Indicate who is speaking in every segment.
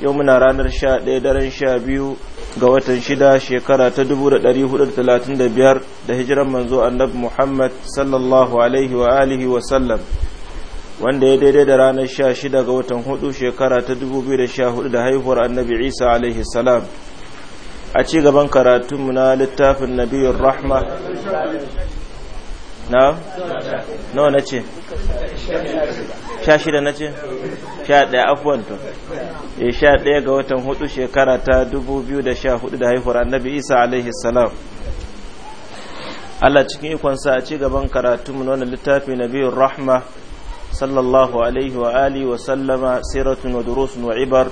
Speaker 1: yau muna ranar sha ɗaya daren sha biyu ga watan shida shekara ta dubu da ɗari hudu da talatin da biyar da hijiran manzo annabi muhammad sallallahu alaihi wa alihi wa sallam wanda ya daidai da ranar sha shida ga watan hudu shekara ta dubu biyu da sha hudu da haihuwar annabi isa alaihi salam a ci gaban karatunmu na littafin nabiyun rahma na nawa na ce
Speaker 2: sha shida na ce sha
Speaker 1: ɗaya afuwan to ya e, sha ɗaya ga watan hudu shekara ta dubu biyu da sha hudu da haihuwar annabi isa alaihi salam Allah cikin ikonsa a ci gaban karatu mu nuna littafi na biyun rahma sallallahu alaihi wa ali wa sallama siratun wa durusun wa ibar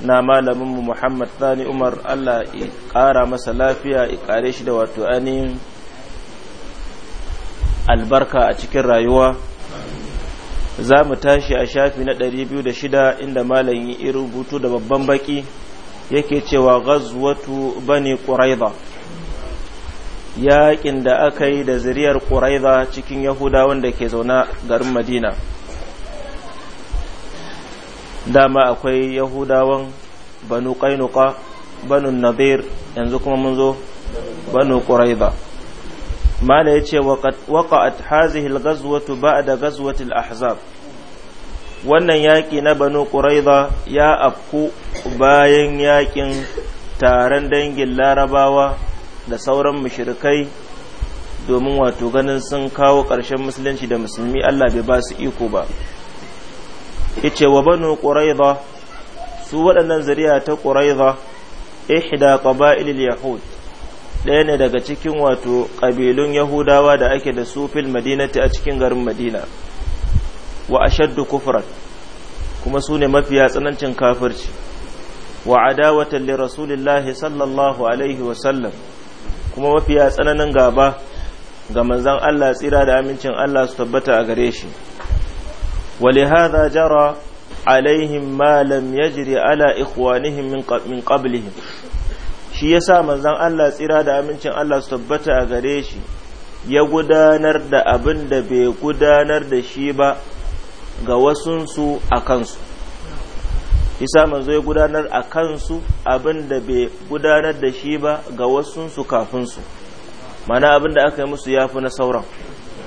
Speaker 1: na malamin mu Muhammad Thani Umar Allah ya ƙara masa lafiya i ƙare shi da wato ainihin albarka a cikin rayuwa za mu tashi a shafi na biyu da shida inda malam yi rubutu da babban baki yake cewa ghazwatu bani ƙuraiba. yaƙin da aka yi da ziriyar ƙuraiba cikin yahudawan da ke zauna garin madina dama akwai yahudawan banu ƙainuka banu nadir yanzu kuma mun zo banu ƙuraiba. mala ya ce waƙa'at hazihil gazwatu da gazwatil ahzab wannan yaƙi na banu ƙuraiza ya afku bayan yaƙin taron dangin larabawa da sauran mashirkai domin wato ganin sun kawo ƙarshen musulunci da musulmi Allah bai ba su iko ba ya ce wa banu ƙuraiza su waɗannan zuriya ta ƙuraiza ihda qaba'ilil yahud ɗaya ne daga cikin wato ƙabilun yahudawa da ake da sufil madinati a cikin garin madina wa ashaddu kufran kuma su ne mafiya tsanancin kafirci wa adawatan li rasulillahi sallallahu alaihi wa sallam kuma mafiya tsananin gaba ga manzon Allah tsira da amincin Allah su tabbata a gare shi wa jara alaihim ma lam yajri ala ikhwanihim min qablihim shi ya sa manzan Allah tsira da amincin Allah su tabbata a gare shi ya gudanar da abin da bai gudanar da shi ba ga wasunsu a kansu sa manzo ya gudanar a kansu abin da bai gudanar da shi ba ga wasunsu kafinsu mana abin da aka yi musu ya fi na sauran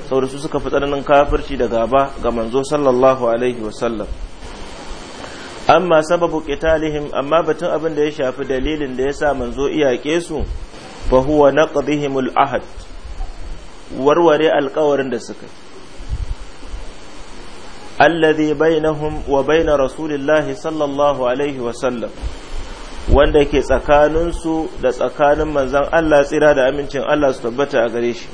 Speaker 1: sau su suka fi tsananin kafirci da gaba ga manzo sallallahu alaihi wasallam amma sababu qitalihim amma batun abin da ya shafi dalilin da ya sa manzo iyake su fa huwa naqdihimul ahad warware alƙawarin da suka alladhi bainahum wa bain rasulillahi sallallahu alaihi wa sallam wanda ke tsakaninsu da tsakanin manzon Allah tsira da amincin Allah su tabbata a gare shi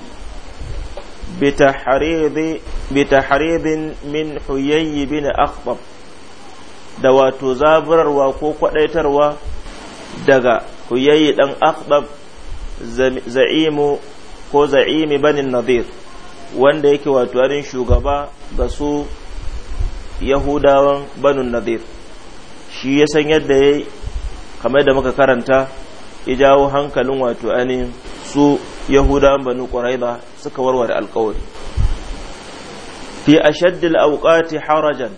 Speaker 1: bi tahridin min huyayyi bin akhbab da wato zaburarwa ko kwadaitarwa daga huyayi dan akhbab za'imu ko za'imi banin nadir wanda yake wato arin shugaba ga su yahudawan banin nadir shi ya san yadda ya kamar da muka karanta ya jawo hankalin wato anin su yahudawan banu quraiza suka warware alkawari fi ashaddil awqati harajan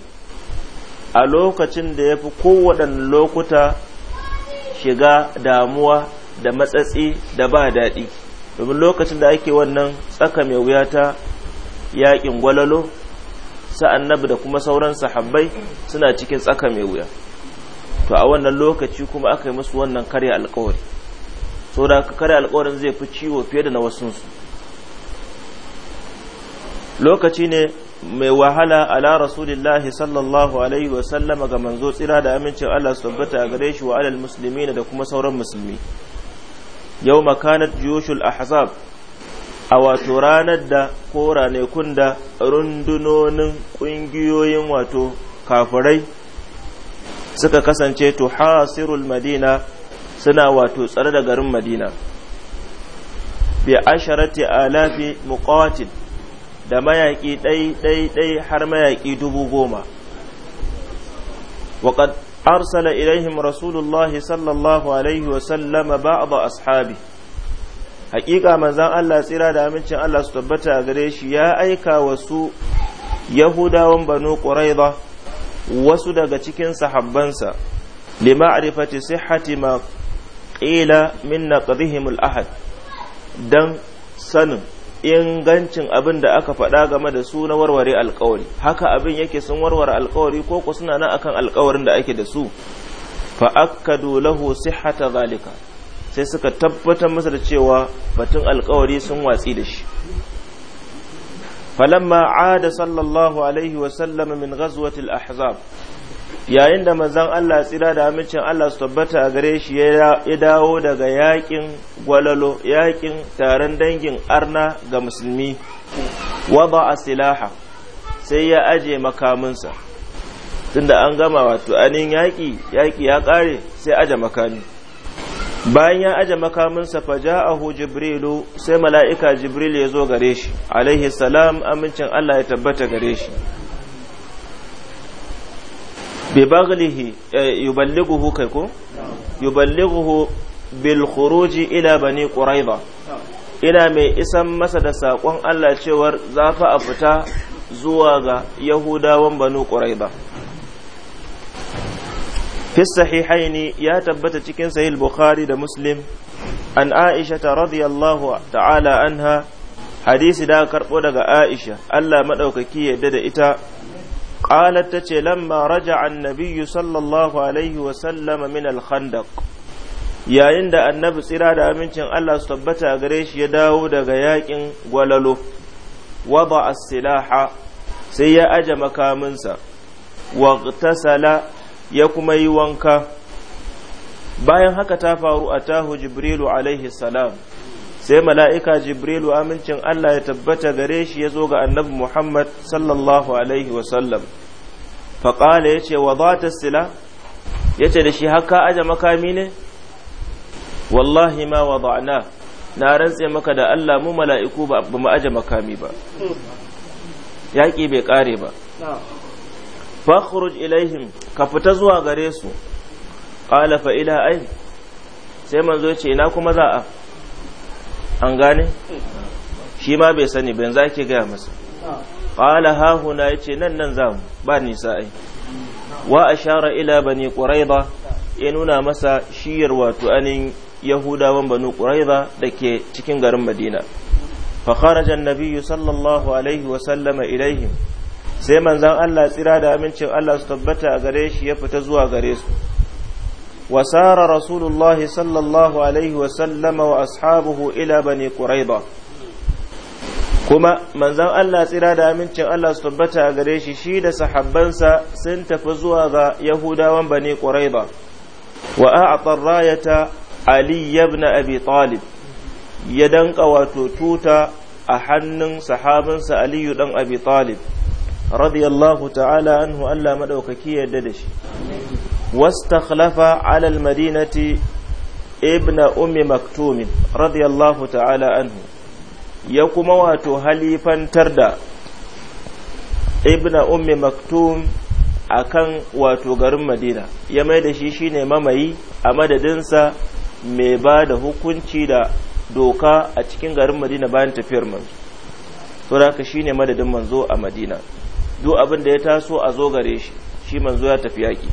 Speaker 1: a lokacin da ya fi kowaɗanne lokuta shiga damuwa da matsatsi da ba daɗi domin lokacin da ake wannan tsaka mai wuya ta yaƙin gwalalo sa'an nabi da kuma sauran sahabbai suna cikin tsaka mai wuya to a wannan lokaci kuma aka yi musu wannan karya alkawari so da karya alkawarin zai fi ciwo fiye da na wasunsu lokaci ne mai wahala ala rasulillahi sallallahu alaihi wa sallama ga manzo tsira da amincin Allah su tabbata gare shi wa alal muslimina da kuma sauran musulmi yau makanat juyushul ahzab a wato ranar da kora ne da rundunonin ƙungiyoyin wato kafirai suka kasance to hasirul madina suna wato tsare da garin madina bi asharati alafi muqatil da mayaƙi ɗai-ɗai-ɗai har mayaƙi dubu goma waƙad arsala ilaihim rasulullahi sallallahu alaihi wasallama ba a ashabi haƙiƙa manzan Allah tsira da amincin Allah su tabbata a gare shi ya aika wasu yahudawan banu ƙuraiba wasu daga cikin sahabbansa lima'rifati sihhati ma ƙila min naqdihim al-ahad dan sanin ingancin abin da aka faɗa game da su na warware alkawari haka abin yake sun warware alkawari ko ku suna nan akan alkawarin da ake da su fa akkadu lahu sihhata zalika sai suka tabbatar masa da cewa batun alkawari sun watsi da shi falamma aada sallallahu alaihi wa sallam min ghazwatil ahzab yayin da manzon Allah tsira da amincin Allah su tabbata a gare shi ya dawo daga yakin gwalalo yakin taron dangin arna ga musulmi wada a silaha sai ya aje makaminsa tunda an gama wato anin yaƙi yaƙi ya ƙare sai aje makami bayan ya aje makaminsa fa ja'ahu jibrilu sai mala'ika jibril ya zo gare shi alaihi salam amincin Allah ya tabbata gare shi bi baghlihi eh, yuballighuhu kai ko yuballighuhu bil khuruji ila bani quraiba ina mai isan masa da sakon Allah cewar za fa a fita zuwa ga yahudawan banu quraiba fi sahihaini ya tabbata cikin sahih bukhari da muslim an aishata radiyallahu ta'ala anha hadisi da karɓo daga aisha Allah madaukaki yadda da ita قالت تتي لما رجع النبي صلى الله عليه وسلم من الخندق يا عند النبي سيرا دا أمينتين الله ستبتا غريش يداو دا غياكين وللو وضع السلاح سيا أجا مكامنسا واغتسل يكما يوانكا bayan haka ta faru a tahu jibrilu alaihi salam sai mala'ika jibrilu amincin Allah ya tabbata gare shi ya zo ga annabi Muhammad sallallahu Alaihi wasallam faƙala ya ce wa za ta sila ya ce da shi haka aja makami ne wallahi ma wa na na rantse maka da Allah mu mala'iku ba mu aje makami ba yaƙi bai ƙare ba fakhruj ilaihim ka fita zuwa gare su ƙala fa'ila ai sai manzo ce ina kuma za a an gane shi ma bai sani ban za ki gaya masa qala na ya ce nan nan za mu ba nisa ai wa a shara ila bani ba ya nuna masa shiyar wato anin yahudawan banu da ke cikin garin madina fa kharaja an sallallahu alaihi wa ilaihim sai manzan Allah tsira da amincin Allah su tabbata a gare shi ya fita zuwa gare su wasara رسول الله صلى الله عليه وسلم وأصحابه إلى بني قريظة kuma manzan Allah tsira da amincin Allah su tabbata a gare shi shi da sahabbansa sun tafi zuwa ga Yahudawan Bani Quraiba wa a'tar rayata Ali ibn Abi Talib ya danka wato tuta a hannun sahabinsa Aliyu dan Abi Talib radiyallahu ta'ala anhu Allah madaukaki yadda da shi واستخلف على المدينة ابن أم مكتوم رضي الله تعالى عنه يقوم واتو هليفا تردى ابن أم مكتوم akan wato garin Madina ya mai da shi shine mamayi a madadinsa mai ba da hukunci da doka a cikin garin Madina bayan tafiyar manzo to haka shine madadin manzo a Madina duk abin da ya taso a zo gare shi shi manzo ya tafi yaki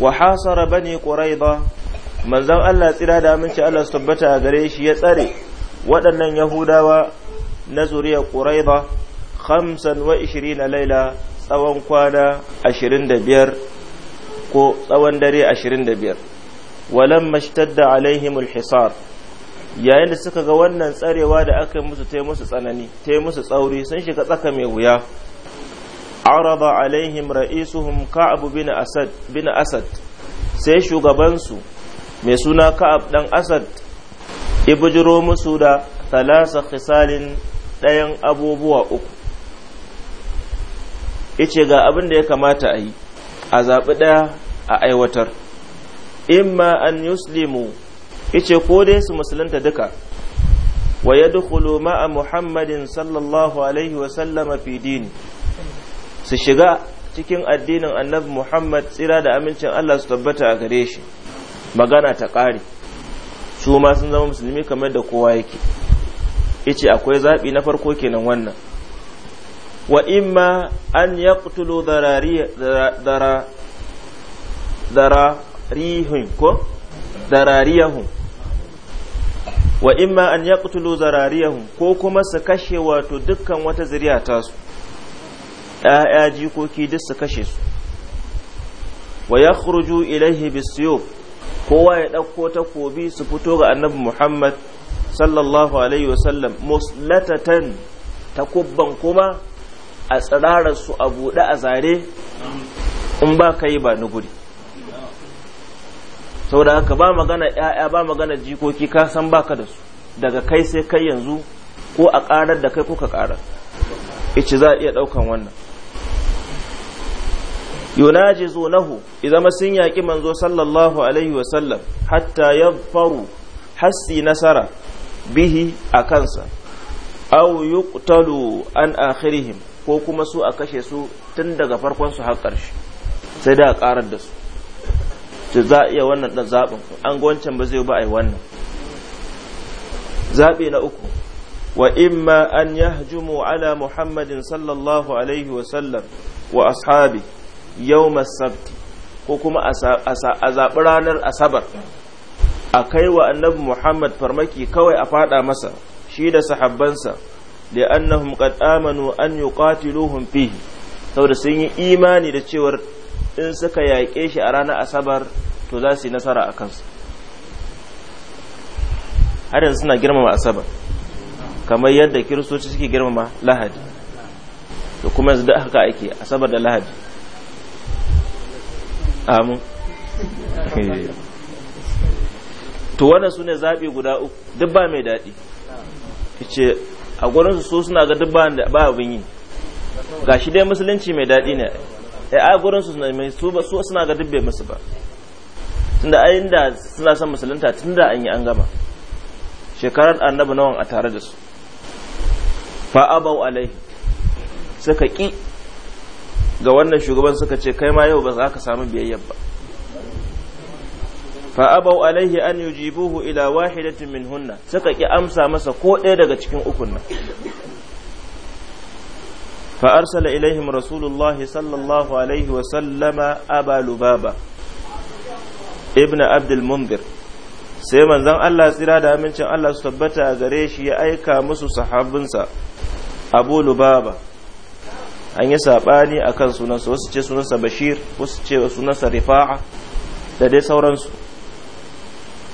Speaker 1: wa hasara bani quraiba manzon Allah tsira da aminci Allah su tabbata a gare shi ya tsare waɗannan yahudawa na zuriya quraiba 25 laila tsawon kwana 25 ko tsawon dare 25 walam mashtadda alaihimul hisar yayin da suka ga wannan tsarewa da aka musu ta musu tsanani ta musu tsauri sun shiga tsaka mai wuya arada alaihim raisuhum ka'ab bin asad bin asad sai shugabansu mai suna ka'ab ɗan asad ibujiro musu da talasa khisalin ɗayan abubuwa uku ice ga abin da ya kamata a yi a zaɓi ɗaya a aiwatar imma an yuslimu ice ko dai su musulunta duka wa yadkhulu ma'a muhammadin sallallahu alaihi wa sallama fi dini su shiga cikin addinin annabi Muhammad tsira da amincin Allah su tabbata a gare shi magana ta ƙare su ma sun zama musulmi kamar da kowa yake ice akwai zaɓi na farko kenan wannan wa imma an yaqtulu dara rihun ko darariyahum wa imma an yaqtulu zarariyahum ko kuma su kashe wato dukkan wata zuriya tasu ‘ya'ya jikoki duk su kashe su wa ya ilaihi bisiyo kowa ya ɗauko takobi su fito ga annabi muhammad sallallahu alaihi wasallam muslatatan takubban kuma a tsirarar su a buɗe a zare in ba ka ba ni guri saboda haka ba magana ‘ya'ya ba magana jikoki ka san baka da su daga kai sai kai yanzu ko a ƙarar da kai kuka ka ƙarar ice za a iya ɗaukan wannan yunajizunahu idama sun yaƙi manzo sallallahu alaihi wasallam hatta yafaru hassi nasara bihi a kansa aw yuqtalu an akhirihim ko kuma su a kashe su tun daga farkon su har shi sai da ƙarar da su to za iya wannan da zaɓin an ga ba zai ba a yi wannan zaɓi na uku wa imma an yahjumu ala muhammadin sallallahu alaihi wasallam wa ashabi yau masabti ko kuma a zaɓi ranar asabar a kai wa annabi muhammad farmaki kawai a fada masa shi da sahabbansa da annahum qad amanu an yuqatiluhum fihi saboda sun yi imani da cewar in suka yaƙe shi a ranar asabar to za su yi nasara a kansu har yanzu suna girmama asabar kamar yadda kiristoci suke girmama lahadi da kuma yanzu da haka ake asabar da lahadi amin to wannan su ne zaɓi guda uku dubba mai daɗi ce a gurinsu su suna ga da ba abin yi ga shi dai musulunci mai daɗi ne eh, a gurinsu su suna ga duk musu ba tunda ayin da suna son musulunta tunda an yi an gama shekarar annabi nawan a tare da su fa abau alaihi suka ƙi ga wannan shugaban suka ce kai ma yau ba za ka samu biyayya ba fa abau alaihi an yujibuhu ila wahidatin hunna suka ki amsa masa ko ɗaya daga cikin ukun nan fa arsala ilaihim rasulullah sallallahu alaihi wa sallama aba lubaba ibnu abdul munzir sai manzon Allah tsira da amincin Allah su tabbata gare shi ya aika musu sahabbinsa abu lubaba an yi saɓani a kan sunansa wasu ce sunansa bashir wasu ce sunansa rifa'a da dai sauransu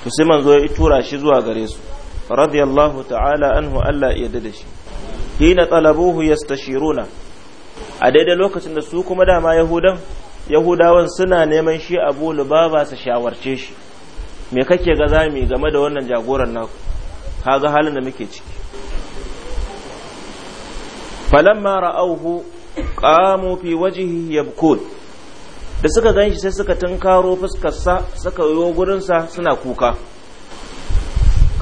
Speaker 1: to sai manzo ya tura shi zuwa gare su radiyallahu ta'ala anhu Allah ya da shi hina talabuhu yastashiruna a daidai lokacin da su kuma dama yahudan yahudawan suna neman shi abu lubaba su shawarce shi me kake ga zami game da wannan jagoran naku kaga halin da muke ciki falamma ra'awhu qamu fi wajhi yabkun da suka ganshi sai suka tunkaro fuskarsa suka yo gurinsa suna kuka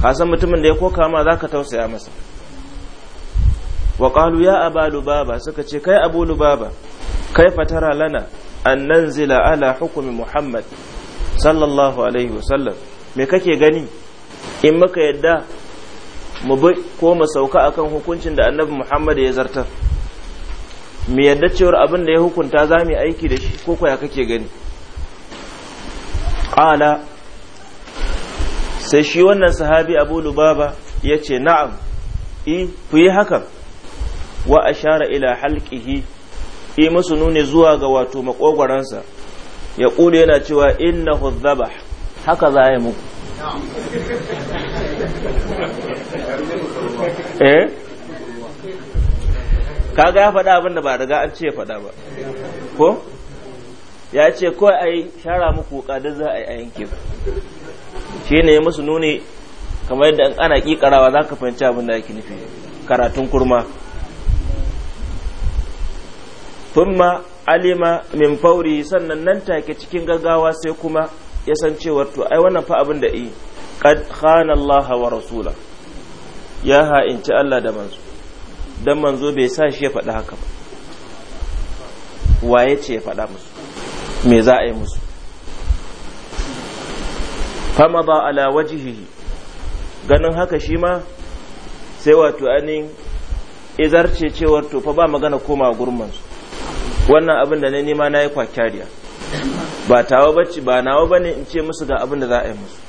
Speaker 1: ka san mutumin da ya koka ma zaka tausaya masa wa qalu ya aba lubaba suka ce kai abu lubaba kai fatara lana an nanzila ala hukumi muhammad sallallahu alaihi wasallam me kake gani in muka yadda mu bi ko mu sauka akan hukuncin da annabi muhammad ya zartar mu yadda cewar abin da ya hukunta za mu yi aiki da shi ko kwaya kake gani ƙala sai shi wannan sahabi abu lubaba ya ce na'am i ku yi hakan wa ashara ila halƙihi i musu nuni zuwa ga wato makogwaransa ya ƙule yana cewa inna dhabah haka za a yi muku eh kaga ya faɗa abin da ba riga an ce faɗa ba ko ya ce ko a yi shara muku kada za a yi a yanke shi ne musu nuni kamar yadda ana ƙiƙarawa za ka fahimci abin da ake nufi karatun kurma tumma alima min fauri sannan nan take cikin gaggawa sai kuma ya san cewar to ai wannan fa abin da yi qad khana Allah wa rasula ya ha'inci Allah da manzo don manzo bai sa shi ya faɗi haka ba waye ce ya faɗa musu me za a yi musu fama ba ala wajihihi ganin haka shi ma sai wato anin izarce cewar to fa ba magana koma gurmansu wannan abin da na nema na yi kwakariya ba tawa bacci ba nawa bane in ce musu ga abin da za a yi musu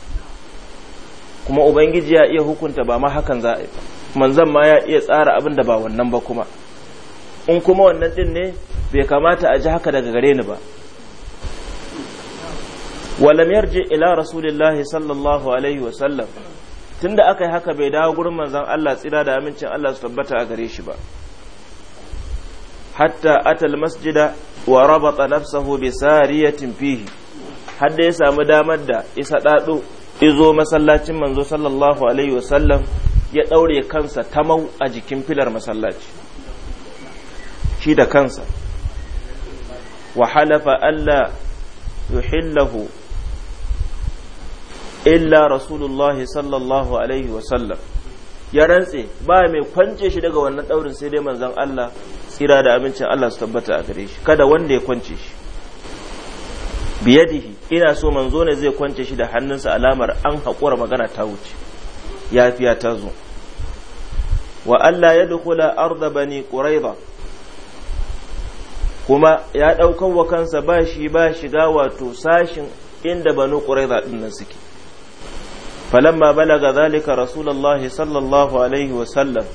Speaker 1: kuma ubangiji ya iya hukunta ba ma hakan za a yi manzan ma ya iya tsara abin da ba wannan ba kuma in kuma wannan din ne bai kamata a ji haka daga gare ni ba walam yarji ila rasulillahi sallallahu alaihi wa sallam tunda aka yi haka bai dawo gurin manzan Allah tsira da amincin Allah su tabbata a gare shi ba hatta atal masjida wa rabata nafsahu bi sariyatin fihi hadda ya samu damar da isa dadu izo masallacin manzo sallallahu alaihi wa sallam ya ɗaure kansa ta tamau a jikin filar masallaci shi da kansa wa halafa ya yuhillahu illa rasulullahi sallallahu alaihi wasallam ya rantse ba mai kwance shi daga wannan ɗaurin sai dai manzon Allah tsira da abincin Allah su tabbata a gare shi kada wanda ya kwance shi biyadihi ina so manzo ne zai kwance shi da hannunsa alamar an haƙura magana ta wuce yafiya ta zo wa Allah ya dukula arda bani kuraiza kuma ya ɗaukan wa kansa ba shi ba shiga wato sashin inda banu kuraiza ɗin nan suke falamma balaga zalika rasulullah sallallahu alaihi wasallam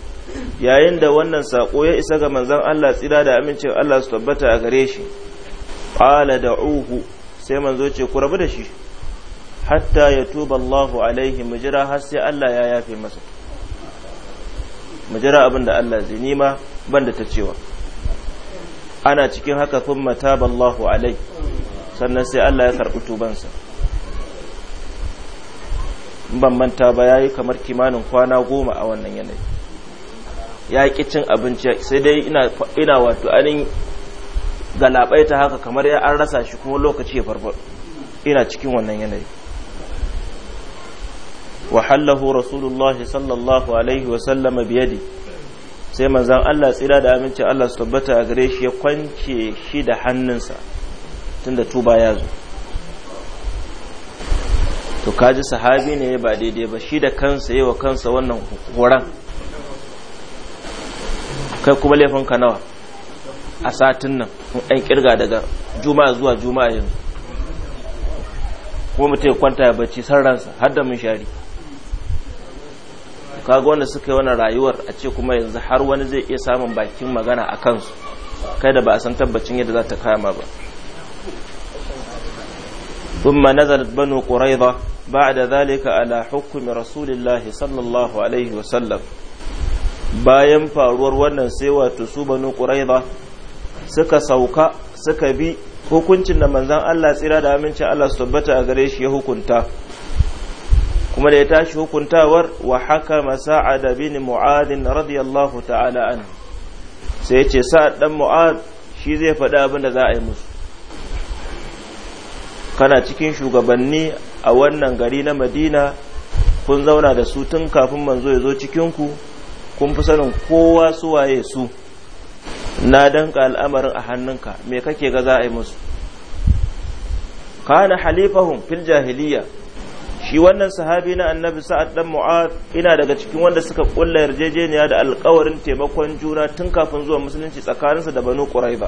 Speaker 1: yayin da wannan saƙo ya isa ga manzon Allah tsira da amincin Allah su tabbata a gare shi qala da'uhu sai manzo ce ku rabu da shi hatta ya yatuba Allahu alaihi jira har sai Allah ya yafe masa mu jira abin da Allah zai nima ban da ta cewa ana cikin haka sun mata ballahu alai sannan sai Allah ya karɓi tubansa ban manta ba ya yi kamar kimanin kwana goma a wannan yanayi ya ƙi cin abinci sai dai ina wato anin galabaita haka kamar ya an rasa shi kuma lokaci ya farfar ina cikin wannan yanayi وحله رسول الله صلى الله عليه وسلم sai manzan Allah tsira da aminci Allah su tabbata a gare shi ya kwance shi da hannunsa tunda tuba ya zo to kaji sahabi ne ba daidai ba shi da kansa yi wa kansa wannan horan kai kuma laifin ka nawa a satin nan an kirga daga juma'a zuwa juma'a yanzu kuma mutum ya kwanta ya bacci san ransa har da mun shari kaga wanda suka yi wani rayuwar a ce kuma yanzu har wani zai iya samun bakin magana a kansu kai da ba a san tabbacin yadda za ta kama ba ثم نزلت بنو قريظة بعد ذلك على حكم رسول الله صلى الله عليه وسلم bayan faruwar wannan sai wato su banu quraiza suka sauka suka bi hukuncin da manzon Allah tsira da amincin Allah su tabbata a gare shi ya hukunta kuma da ya tashi hukuntawar wa haka da bini mu'adin radiyallahu ta'ala an sai ya ce sa'ad dan mu'ad shi zai faɗi abin za a yi musu kana cikin shugabanni a wannan gari na madina kun zauna da su tun kafin manzo ya zo cikinku kun fi sanin kowa su waye su na danka al'amarin a hannunka me kake ga za a yi musu kana halifahun fil jahiliya shi wannan sahabi na annabi sa'ad dan mu'ad ina daga cikin wanda suka kulla yarjejeniya da alƙawarin taimakon juna tun kafin zuwa musulunci tsakaninsa da banu quraiba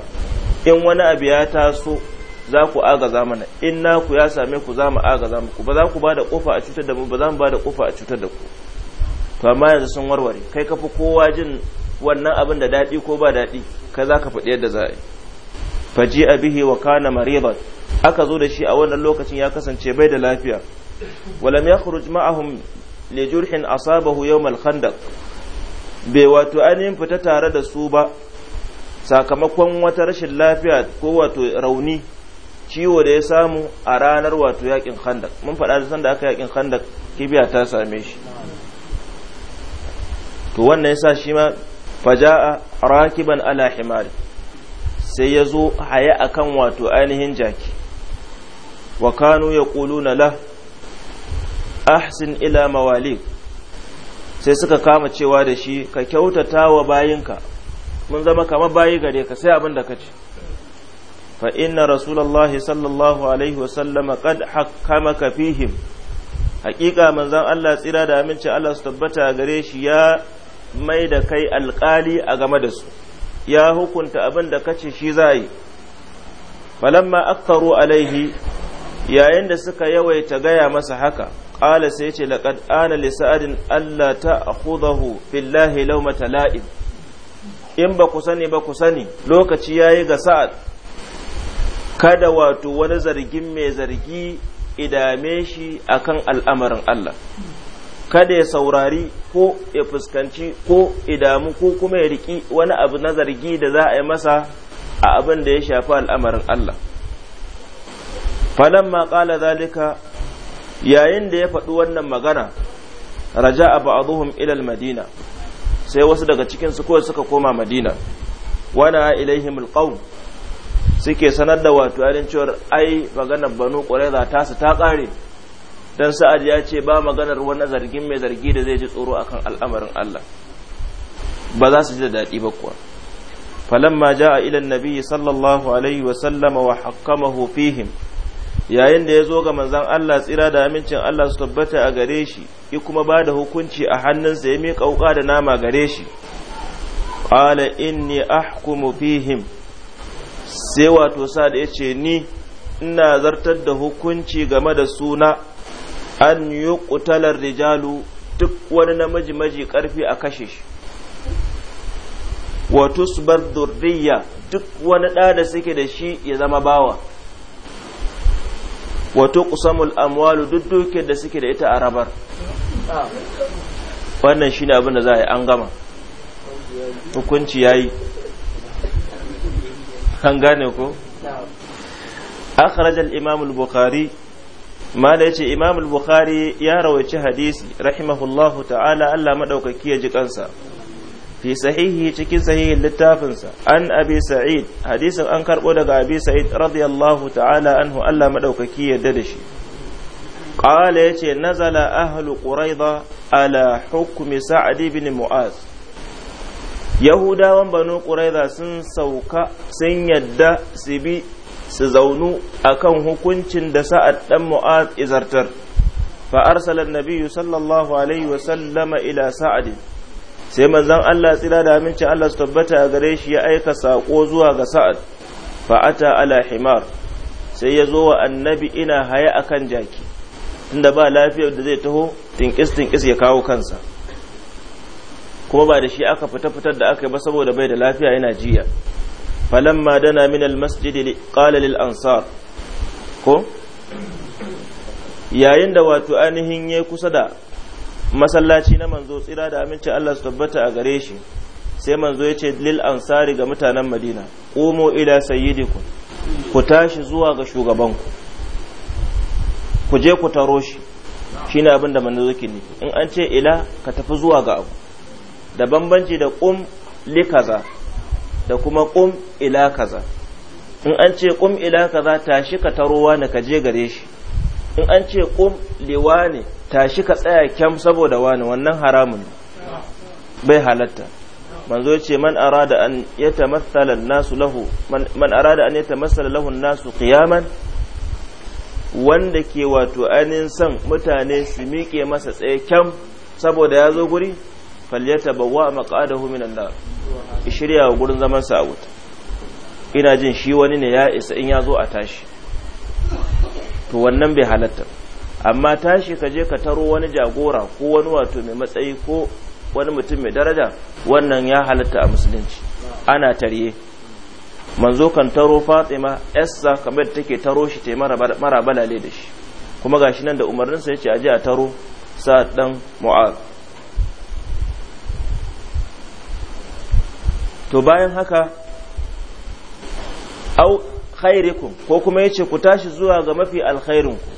Speaker 1: in wani abu ya taso za ku agaza mana in naku ya same ku za mu agaza muku ba za ku ba da kofa a cutar da mu ba za mu ba da kofa a cutar da ku to amma yanzu sun warware kai ka fi kowa jin wannan abin da daɗi ko ba daɗi kai za ka faɗi yadda za a yi faji a bihi wa kana mariban aka zo da shi a wannan lokacin ya kasance bai da lafiya walam yakhruj ma'ahum li jurhin asabahu yawm bai wato ainihin fita tare da su ba sakamakon wata rashin lafiya ko wato rauni ciwo da ya samu a ranar wato yakin khandak mun faɗa da sanda aka yakin khandak kibiya ta same shi to wannan yasa shi ma faja'a rakiban ala himar sai ya zo haya akan wato ainihin jaki wa kanu yaquluna la. ahsin ila mawalik sai suka kama cewa da shi ka kyautata wa bayinka mun zama kamar bayi gare ka sai abin da ka ce fa inna rasulullahi sallallahu alaihi wasallam hakama ka fihim hakika manzon Allah tsira da aminci Allah su tabbata gare shi ya mai da kai alƙali a game da su ya hukunta abin da kace shi za yi falamma aktaru alaihi yayin da suka yawaita gaya masa haka قال sai ce laqad لسعد li sa'adin في الله fillahi lawmata la'ib in ba ku sani ba ku sani lokaci yayi ga kada wato wani zargin mai zargi idame shi akan al'amarin Allah kada ya saurari ko ya fuskanci ko idamu ko kuma ya riki wani abu na zargi da za a yi masa a abin da ya shafi al'amarin Allah falamma qala zalika yayin da ya faɗi wannan magana raja a ba'aduhum ilal madina sai wasu daga cikinsu kawai suka koma madina wana ilaihim alqawm suke sanar da wato yarin cewar ai maganar banu za ta su ta ƙare don sa'ad ya ce ba maganar wani zargin mai zargi da zai ji tsoro akan al'amarin Allah ba za su ji da daɗi ba kuwa falamma ja a ilan nabi sallallahu alaihi wa sallama wa hakkamahu fihim yayin da ya zo ga manzan Allah tsira da amincin Allah su tabbata a gare shi ya kuma ba da hukunci a hannunsa ya miƙa wuƙa da nama gare shi ƙala inni ahkumu fihim sai wato sa da ya ce ni ina zartar da hukunci game da suna an yi ƙutalar rijalu duk wani namiji maji ƙarfi a kashe shi wato su bar duk wani ɗa da suke da shi ya zama bawa wato tuqsamul amwalu duk dukiyar da suke da ita a rabar wannan shine abin da za a yi an gama hukunci yayi an gane ko akhraj imam al-bukhari mala yace imamul al ya rawaici hadisi rahimahullahu ta'ala Allah madaukaki ya ji kansa fi sahihi cikin sahihin littafinsa an abi sa'id hadisin an karbo daga abi sa'id radiyallahu ta'ala anhu Allah madaukaki yadda da shi qala yace nazala ahlu quraiza ala hukmi sa'd ibn mu'az yahudawan banu quraiza sun sauka sun yadda su bi su zaunu akan hukuncin da sa'ad dan mu'az izartar fa arsala an-nabiy sallallahu alaihi wa sallama ila sa'd sai manzon Allah tsira da amincin Allah su tabbata a gare shi ya aika sako zuwa ga Sa'ad fa'ata ala himar sai ya zo wa annabi ina haya a kan jaki tunda ba lafiyar da zai taho tinkis tinkis ya kawo kansa kuma ba da shi aka fita fitar da aka yi ba saboda bai da lafiya yana jiya falamma dana min almasjid qala ansar ko yayin da wato ainihin ya kusa da masallaci na manzo tsira da aminci Allah su tabbata a gare shi sai manzo ya ce lil ansari ga mutanen madina komo ila sayyidikum ku tashi zuwa ga shugabanku ku je ku taro shi shi abin da manzo yake nufi in an ce ila ka tafi zuwa ga abu da bambanci da kum li kaza da kuma kum ila kaza in an ce kum ila kaza tashi ka taro wani ka je gare shi in an ce liwa liwani tashi ka tsaya kyam saboda wani wannan haramun bai halatta manzo ce man arada an yatamathala nasu lahu man arada an yatamathala lahu nasu qiyaman wanda ke wato ainihin san mutane su miƙe masa tsaye kyam saboda ya zo guri falyata bawa maqadahu min Allah shirya wa gurin zaman sa a wuta ina jin shi wani ne ya isa in ya zo a tashi to wannan bai halatta amma tashi ka je ka taro wani jagora ko wani wato mai matsayi ko wani mutum mai daraja wannan ya halatta a musulunci ana tarye manzo kan taro fatima yassa kamar take taro shi tai mara balale da shi kuma gashi nan da umarninsa ya ce aje a taro sa dan mu'ad to bayan haka au khairikum ko kuma yace ku tashi zuwa ga mafi alkhairinku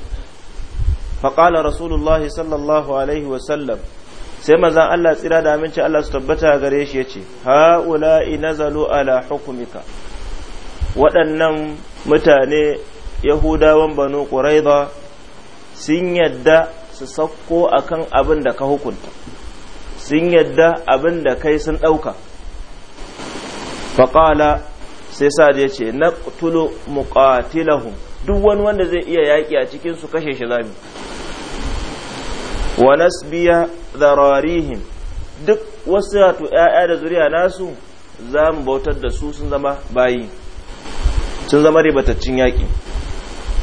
Speaker 1: faƙala rasulullahi sallallahu alaihi wasallam sai mazan Allah tsira da aminci Allah su tabbata gare shi ya ce ha'ula'i nazalu ala hukumika waɗannan mutane yahudawan banu ƙuraiza sun yadda su sakko akan abin da ka hukunta sun yadda abin da kai sun ɗauka faƙala sai sa ya ce na ƙutulu muƙatilahun duk wani wanda zai iya yaƙi a cikinsu kashe shi zami wa nasbiya zararihim duk wasu wato ‘ya'ya da zuriya nasu za mu bautar da su sun zama bayi sun zama ribataccin yaƙi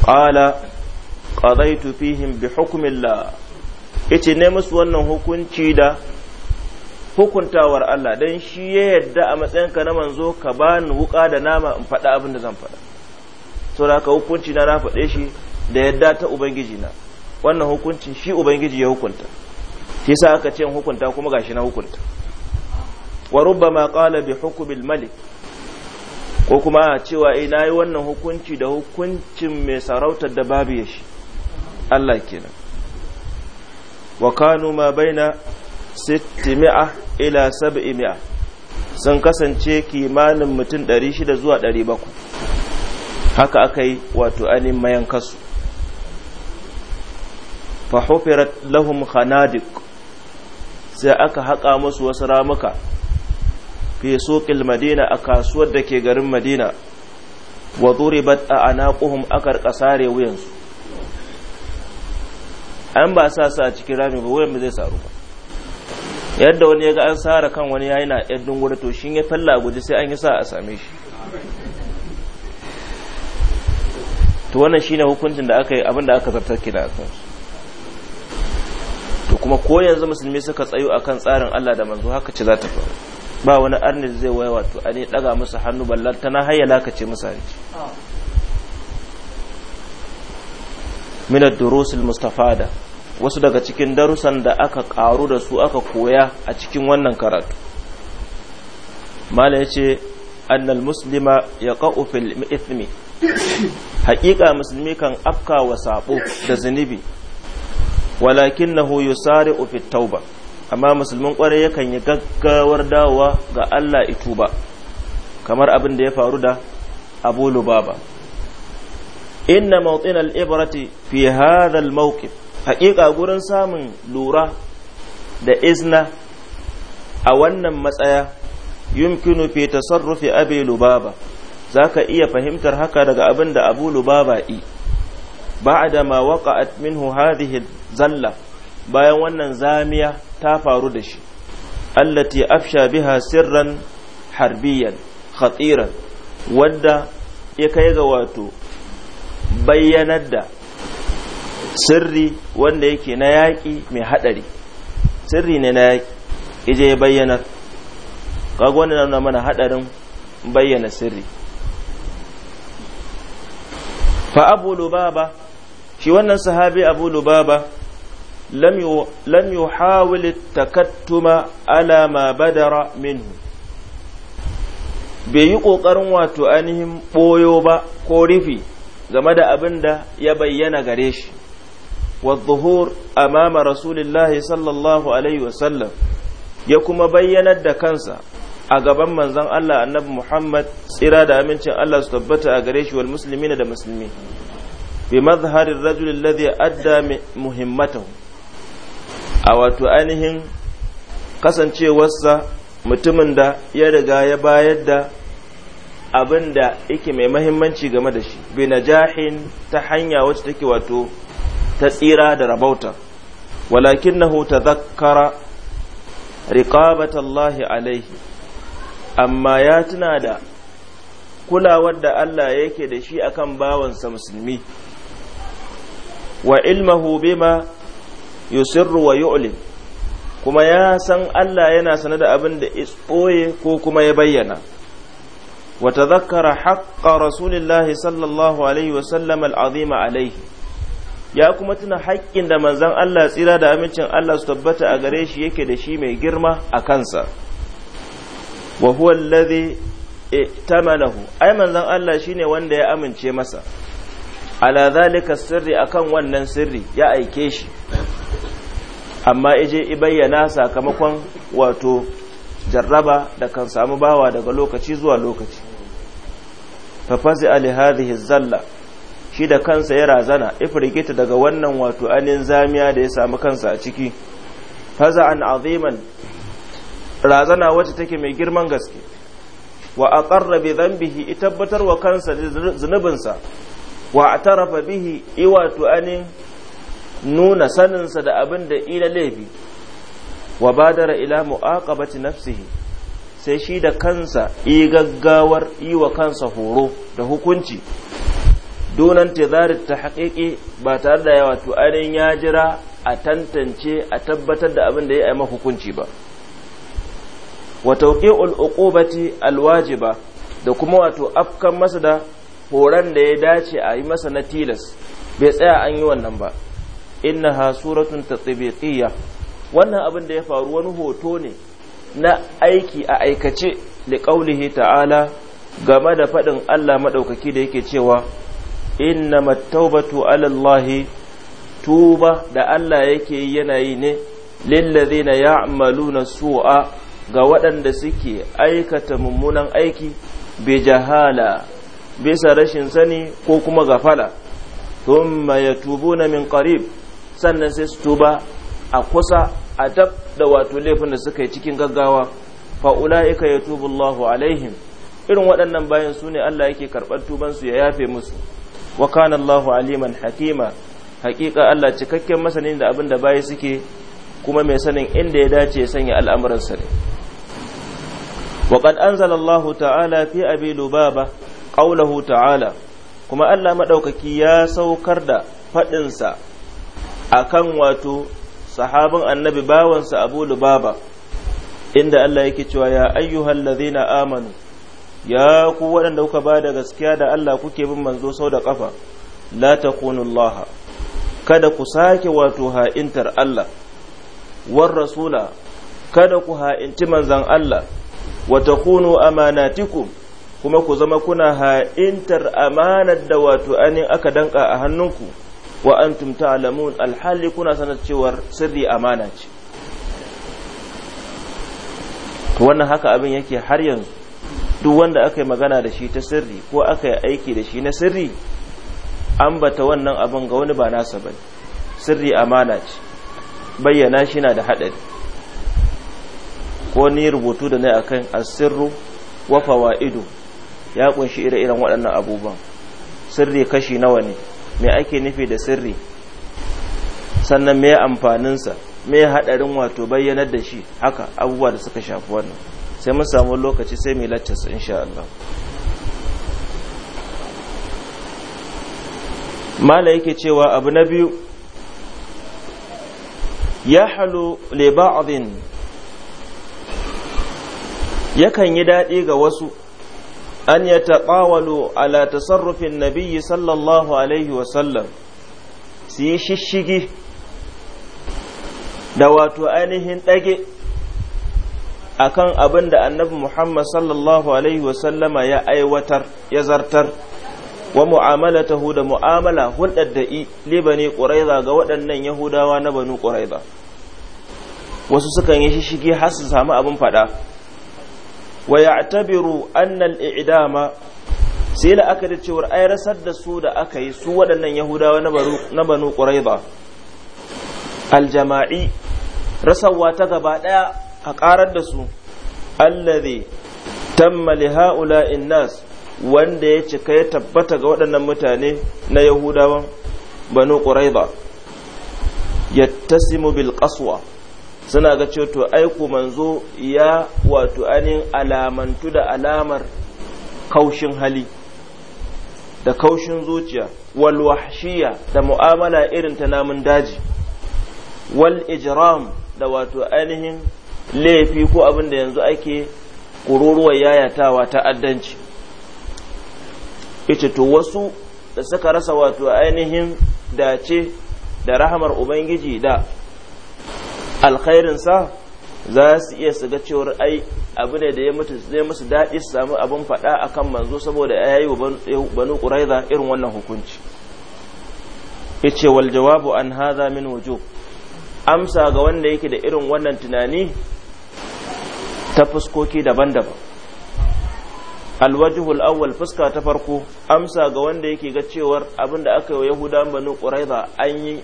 Speaker 1: ƙala ƙazaitu fihim bi hukumillah yace ne musu wannan hukunci da hukuntawar Allah don shi ya yadda a matsayinka na manzo ka ba ni wuƙa da nama in faɗa abin da zan faɗa da ka hukunci na na faɗe shi da yadda ta ubangiji na wannan hukunci shi ubangiji ya hukunta shi yasa aka ce hukunta kuma gashi na hukunta wa rubbama qala bi hukmil malik ko kuma a cewa eh nayi wannan hukunci da hukuncin mai sarautar da babu yashi Allah kenan wa kanu ma baina 600 ila 700 sun kasance kimanin mutum 600 zuwa 700 haka aka wato anin mayankasu fahufirat lahum khanadik sai aka haƙa musu wasu ramuka fi suƙil madina a kasuwar da ke garin madina wa duribat a anaquhum akar kasare wuyansu an ba sa su a cikin rami ba wuyan zai saru ba yadda wani ya ga an sara kan wani yayi na yar dungura to shin ya falla guji sai an yi sa a same shi to wannan shine hukuncin da aka yi abin da aka zartar ki kansu kuma ko yanzu musulmi suka tsayo akan tsarin Allah da manzo haka ce za ta faru ba wani arni zai waya wato a ne daga musu hannu ballar tana hayyala ka ce musu hanci ad-durusil mustafada wasu daga cikin darusan da aka karu da su aka koya a cikin wannan karatu mala yace annal muslima yaqa'u fil ithmi haƙiƙa musulmi kan afka wa sabo da zunubi walakin walakinahu yusari'u fit tauba amma musulmin kwarai yakan yi gaggawar dawowa ga Allah ituba kamar abin da ya faru da Abu Lubaba inna mawtin al-ibrati fi hadha al-mawqif haƙiƙa gurin samun lura da izna a wannan matsaya yumkinu fi tasarrufi abi lubaba zaka iya fahimtar haka daga abin da abu lubaba yi ba'da ma waqa'at minhu hadhihi zalla bayan wannan zamiya ta faru da shi allati afsha biha sirran harbiyan khatiran wadda ya kai ga wato bayyanar da sirri wanda yake na yaƙi mai haɗari sirri ne na yaƙi ije ya bayyanar kaga wannan na mana haɗarin bayyana sirri fa abu lubaba shi wannan sahabi abu lubaba لم يحاول التكتم على ما بدر bai yi ƙoƙarin wato ainihin ɓoyo ba ko rufi game da abin ya bayyana gare shi wa zuhur amama rasulillahi sallallahu alaihi wasallam ya kuma bayyanar da kansa a gaban manzan Allah annabi Muhammad tsira da amincin Allah su tabbata a gare shi wal musulmi da musulmi bi mazharin rajulun ladhi adda muhimmatahu a wato ainihin kasancewarsa mutumin da ya riga ya bayar da abin da yake mai mahimmanci game da shi bi najahin ta hanya wacce take wato ta tsira da rabauta walakin na huta zakara riƙabatallahi alaihi amma ya tuna da kulawar da Allah yake da shi akan bawansa musulmi wa ilmahu bima yusirru wa yu'lin kuma ya san Allah yana sanar da abin da ɓoye ko kuma ya bayyana wa tadhakkara haqqa rasulillahi sallallahu alaihi wa sallam al'azima alaihi ya kuma tuna haƙƙin da manzon Allah tsira da amincin Allah su tabbata a gare shi yake da shi mai girma a kansa wa huwa alladhi ai manzon Allah shine wanda ya amince masa ala zalika sirri akan wannan sirri ya aike shi amma ije i bayyana sakamakon wato jarraba da kan samu bawa daga lokaci zuwa lokaci fafazi ali hadhihi zalla shi da kansa ya razana ifrigita daga wannan wato anin zamiya da ya samu kansa a ciki an aziman razana wacce take mai girman gaske wa aqarra bi dhanbihi tabbatar wa kansa zunubinsa wa atarafa bihi iwatu anin nuna saninsa da abin da ila laifi wa badara ila mu'aqabati nafsihi sai shi da kansa yi gaggawar yi kansa horo da hukunci donan tizarit ta haƙiƙi ba tare da yawa tu'anin ya jira a tantance a tabbatar da abin da ya yi hukunci ba wa tauƙi'ul uqubati alwajiba da kuma wato afkan masa da horon da ya dace a yi masa na tilas bai tsaya an yi wannan ba inna ha suratun tatsibiqiyya wannan abin da ya faru wani hoto ne na aiki a aikace da kaulihi ta'ala game da faɗin Allah maɗaukaki da yake cewa inna mattaubatu alallahi tuba da Allah yake yana yi ne lillazina ya'maluna su'a ga waɗanda suke aikata mummunan aiki bi jahala bisa rashin sani ko kuma gafala tubu na min karib sannan sai su tuba a kusa a tab da wato laifin da suka yi cikin gaggawa fa ulaika ya tuballahu alaihim irin waɗannan bayan su ne Allah yake karɓar tuban su ya yafe musu wa kana aliman hakima hakika Allah cikakken masanin da abin da bayi suke kuma mai sanin inda ya dace ya sanya al'amuransa ne wa qad anzala ta'ala fi abi lubaba qaulahu ta'ala kuma Allah maɗaukaki ya saukar da faɗinsa akan wato sahabin annabi bawansa Abu Lubaba inda Allah yake cewa ya ayyuhal ladhina amanu ya ku waɗanda kuka ba da gaskiya da Allah kuke bin manzo sau da ƙafa la taqunullaha kada ku sake wato ha'intar Allah war rasula kada ku ha'inti manzan Allah wa takunu amanatikum kuma ku zama kuna ha'intar amanar da wato ainihin aka danka a hannunku wa an tumta alamun alhali kuna sanar cewar sirri amana ce wannan haka abin yake har yanzu duk wanda aka yi magana da shi ta sirri ko aka yi aiki da shi na sirri an bata wannan abin ga wani ba nasa ba sirri amana ce bayyana shi na da haɗari ko ni rubutu da na akan asirru wafawa ido. ya kunshi ire-iren waɗannan abubuwan sirri kashi nawa ne me ake nufi da sirri sannan mai amfaninsa mai haɗarin wato bayyanar da shi haka abubuwa da suka shafi wannan sai mun samu lokaci sai mai laccarsa insha Allah mala yake cewa abu na biyu ya halu le ba'adin yakan yi daɗi ga wasu أن يتقاولوا على تصرف النبي صلى الله عليه وسلم سيششيكي دواتو ɗage a akan abin da annabi Muhammad sallallahu alaihi wasallama ya aiwatar ya zartar wa mu'amalatahu da mu'amala hulɗar da i libani ƙuraiza ga waɗannan yahudawa na banu ƙuraiza wasu sukan yi shishigi har su samu abin faɗa wa ya'tabiru anna al-i'dama sai la'akari cewar ai rasar da su da aka yi su waɗannan yahudawa na banu ƙuraiba aljama'i rasawa ta gaba ɗaya a ƙarar da su allazi tamma li ha'ula'in nas wanda ya cika ya tabbata ga waɗannan mutane na yahudawan banu ƙuraiba yattasimu bil qaswa suna ga ceto aiku manzo ya wato anin alamantu da alamar kaushin hali da kaushin zuciya wal wahshiya da mu'amala irin ta namun daji wal ijram da wato ainihin laifi ko abin da yanzu ake kururuwar yayatawa ta addanci ita to wasu da suka rasa wato ainihin dace da rahamar ubangiji da alkhairinsa za su iya su ga cewar ai abu ne da ya mutu zai musu daɗi su samu abin faɗa akan kan manzo saboda ya yi wa banu kuraiza irin wannan hukunci ya wal jawabu an haza min wujo amsa ga wanda yake da irin wannan tunani ta fuskoki daban-daban alwajihul awwal fuska ta farko amsa ga wanda yake ga cewar abin da aka yi wa yahudan banu kuraiza an yi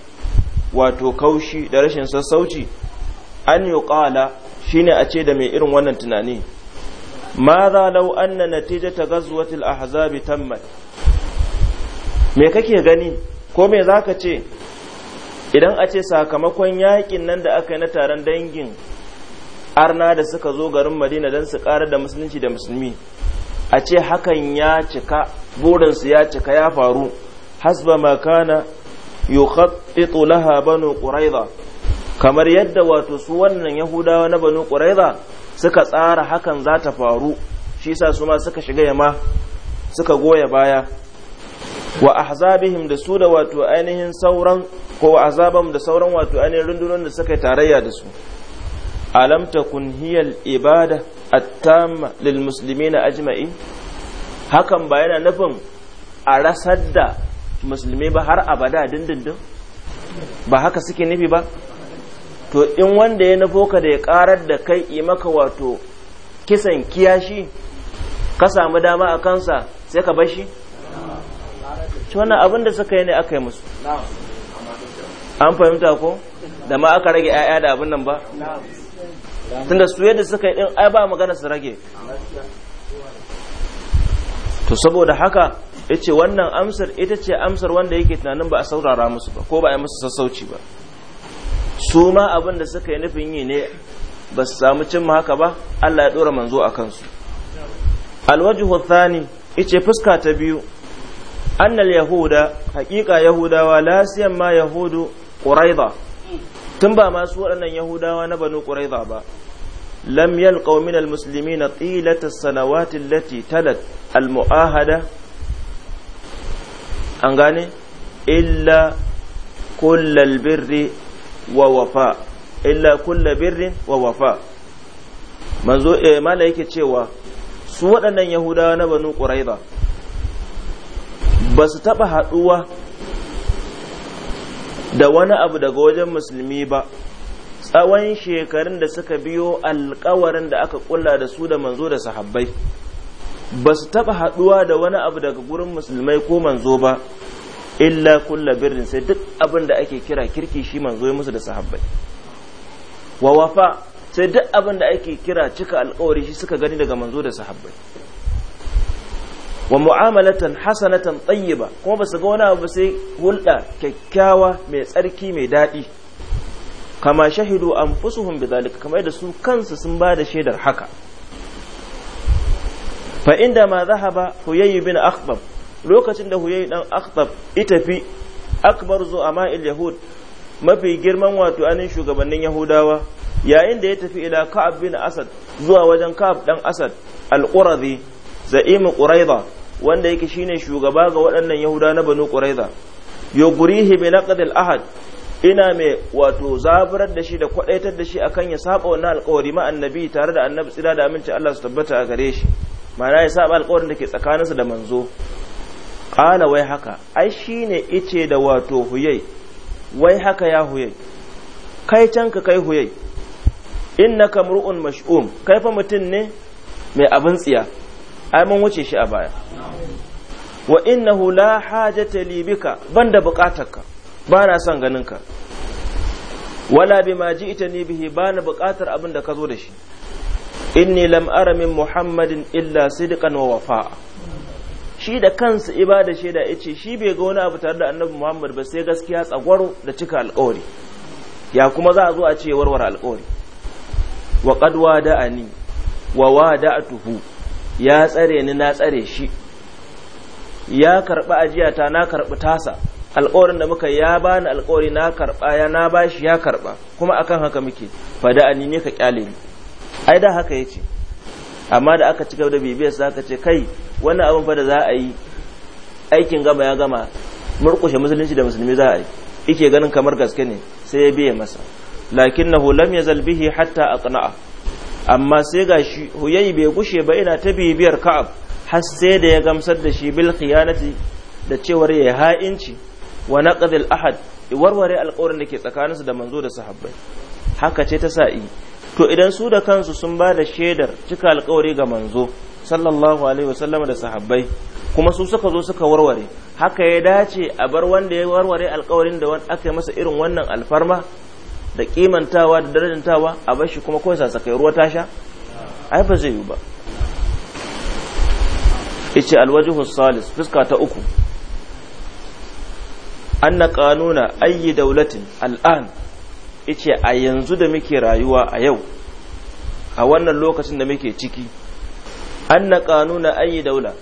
Speaker 1: wato kaushi da rashin sassauci an yi ƙala shi ne a ce da mai irin wannan tunani ma za lau an na natija ta gazuwatil ahzabi tammat me kake gani ko me za ka ce idan a ce sakamakon yakin nan da aka yi na taron dangin arna da suka zo garin madina don su ƙarar da musulunci da musulmi a ce hakan ya cika burinsu ya cika ya faru hasba makana yukhattitu laha banu kamar yadda wato su wannan yahudawa na banu ƙuraiza suka tsara hakan za ta faru shi sa su ma suka shiga yama suka goya baya wa ahzabihim da su da wato ainihin sauran ko wa azabam da sauran wato ainihin rundunar da suka tarayya da su alam takun hiyal ibada at lil muslimina ajma'i hakan ba yana nufin a rasar da musulmi ba har abada dindindin ba haka suke nufi ba to in wanda ya nufo ka da ya karar da kai yi maka wato kisan kiyashi ka samu dama a kansa sai ka bashi shi wannan abin da suka yi ne aka yi musu an fahimta ko da ma aka rage 'ya'ya da abin nan ba tunda su yadda suka yi din ai ba magana su rage to saboda haka ce wannan amsar ita ce amsar wanda yake tunanin ba a saurara musu ba ko ba a yi musu sassauci ba su ma abin da suka yi nufin yi ne ba su samu cimma haka ba Allah ya ɗora manzo a kansu alwajihu thani ice fuska ta biyu annal yahuda hakika yahudawa lasiyan ma yahudu ƙuraiza tun ba masu waɗannan yahudawa na banu ƙuraiza ba lam yalqaw min na tilata sanawati allati talat almuahada an gane illa kullal birri wa wafa illa kulla birrin wa wafa manzo eh mala yake cewa su waɗannan yahudawa na banu quraiza ba su taɓa haɗuwa da wani abu daga wajen musulmi ba tsawon shekarun da suka biyo alƙawarin da aka kulla da su da manzo da sahabbai ba su taɓa haɗuwa da wani abu daga gurin musulmai ko manzo ba illa kulla birrin sai duk abin da ake kira kirki shi manzo ya musu da sahabbai wa wafa sai duk abin da ake kira cika alkawari shi suka gani daga manzo da sahabbai wa mu'amalatan hasanatan tayyiba kuma basu ga wani abu sai hulɗa kyakkyawa mai tsarki mai daɗi kama shahidu anfusuhum bidhalika kamar yadda su kansu sun bada da shaidar haka fa inda ma zahaba huyayy bin akhbab lokacin da huyayi dan akhtab itafi akbar zu'ama'il yahud mafi girman wato anin shugabannin yahudawa yayin da ya tafi ila ka'ab bin asad zuwa wajen ka'ab dan asad al-qurazi za'im quraiza wanda yake shine shugaba ga waɗannan yahuda na banu quraiza yugurihi bi naqd al-ahad ina mai wato zaburar da shi da kwadaitar da shi akan ya saba wannan alƙawari ma annabi tare da annabi tsira da aminci Allah su tabbata a gare shi ma'ana ya saba alƙawarin da ke tsakaninsa da manzo ƙala wai haka ai shi ne ice da wato huyai wai haka ya huyai kai can ka kai huyai in innaka un mash'um kai fa mutum ne mai abin tsiya ai mun wuce shi a baya wa innahu la hajata ban da bukatar ka ba na son ganin ka wala ma ji'ta ni bihi ba na buƙatar abin da ka zo da shi inni lam ara min muhammadin illa sidqan wa wafa'a shi da kansa ibada shaida da ce shi bai ga wani abu tare da annabi muhammad ba sai gaskiya tsagwaro da cika alkawari ya kuma za a zo a ce warware alkawari wa qad ani wa wada'tuhu ya tsare ni na tsare shi ya karba ajiyata na karbi tasa alƙawarin da muka ya bani alƙawari na karɓa ya na bashi ya karɓa kuma akan haka muke fada ani ne ka kyale ni ai da haka yace amma da aka ci gaba da bibiyar sa aka ce kai wannan abin fa da za a yi aikin gama ya gama murkushe musulunci da musulmi za a yi ike ganin kamar gaske ne sai ya biye masa lakinnahu lam yazal bihi hatta aqna'a amma sai ga gashi huyai bai gushe ba ina ta bibiyar ka'ab har sai da ya gamsar da shi bil khiyanati da cewar ya ha'inci wa naqdil ahad warware alƙawarin da ke tsakaninsu da manzo da sahabbai haka ce ta sa'i to idan su da kansu sun ba da shaidar cika alƙawari ga manzo sallallahu alaihi wasallam da sahabbai kuma su suka zo suka warware haka ya dace a bar wanda ya warware alkawarin da aka yi masa irin wannan alfarma da kimantawa da darajantawa a bar shi kuma kawai sakai ruwa sha ai ba zai yi ba ice alwajhu salis fuska ta uku anna kanuna ayi daulatin al'an ice a yanzu da muke rayuwa a yau a wannan lokacin da muke ciki anna kanuna ayi daula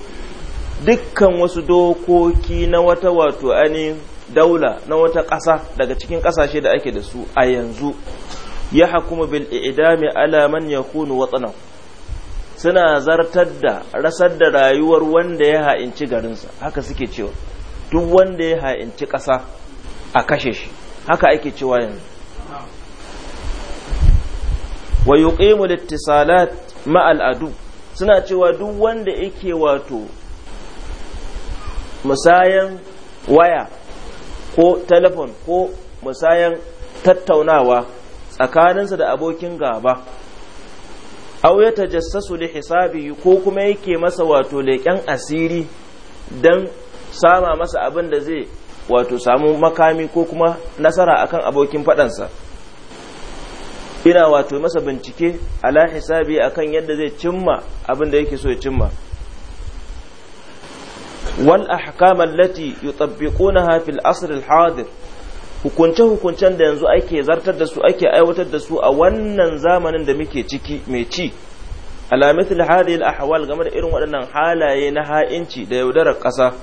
Speaker 1: dukkan wasu dokoki na wata wato ani daula na wata ƙasa daga cikin ƙasashe da ake da su a yanzu ya hakuma bil idami ala man yakunu watsanan suna zartar da rasar da rayuwar wanda ya ha'inci garinsa haka suke cewa duk wanda ya ha'inci ƙasa a kashe shi haka ake cewa yanzu wa yuqimu littisalat ma al'adu suna cewa duk wanda yake wato musayan waya ko telefon ko musayan tattaunawa tsakaninsa da abokin gaba au ya tajassasu da hisabi ko kuma yake masa wato leƙen asiri don sama masa abin da zai wato samu makami ko kuma nasara akan abokin faɗansa ina wato masa bincike ala hisabi akan yadda zai cimma abin da yake so ya cimma wal ahkam allati yutabbiqunaha fil asr al hadir hukunce hukuncen da yanzu ake zartar da su ake aiwatar da su a wannan zamanin da muke ciki mai ci ala mithl hadhihi al ahwal game da irin waɗannan halaye na ha'inci da yaudarar ƙasa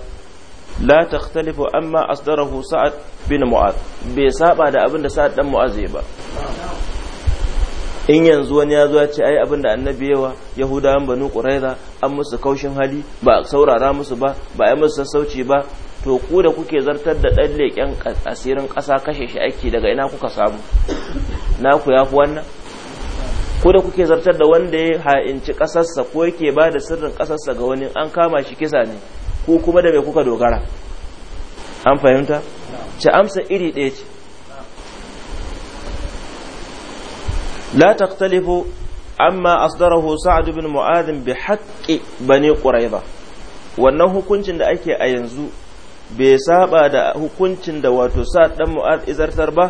Speaker 1: la takhtalifu amma asdarahu sa'ad bin mu'ad bai saba da abin da sa'ad dan mu'az ba in yanzu wani ya zo ya ce ai abin da annabi yawa yahudawan banu quraiza an musu kaushin hali ba a saurara musu ba ba a yi musu sassauci ba to ku da kuke zartar da dan leken asirin ƙasa kashe shi aiki daga ina kuka samu na ku ya fi wannan ku da kuke zartar da wanda ya ha'inci ƙasarsa ko yake ba da sirrin ƙasarsa ga wani an kama shi kisa ne ku kuma da mai kuka dogara an fahimta ci amsa iri ɗaya ce la taktalifu amma asdarahu sa'ad bin mu'adh bi haqqi bani quraiza wannan hukuncin da ake a yanzu bai saba da hukuncin da wato sa'ad dan mu'adh izartar ba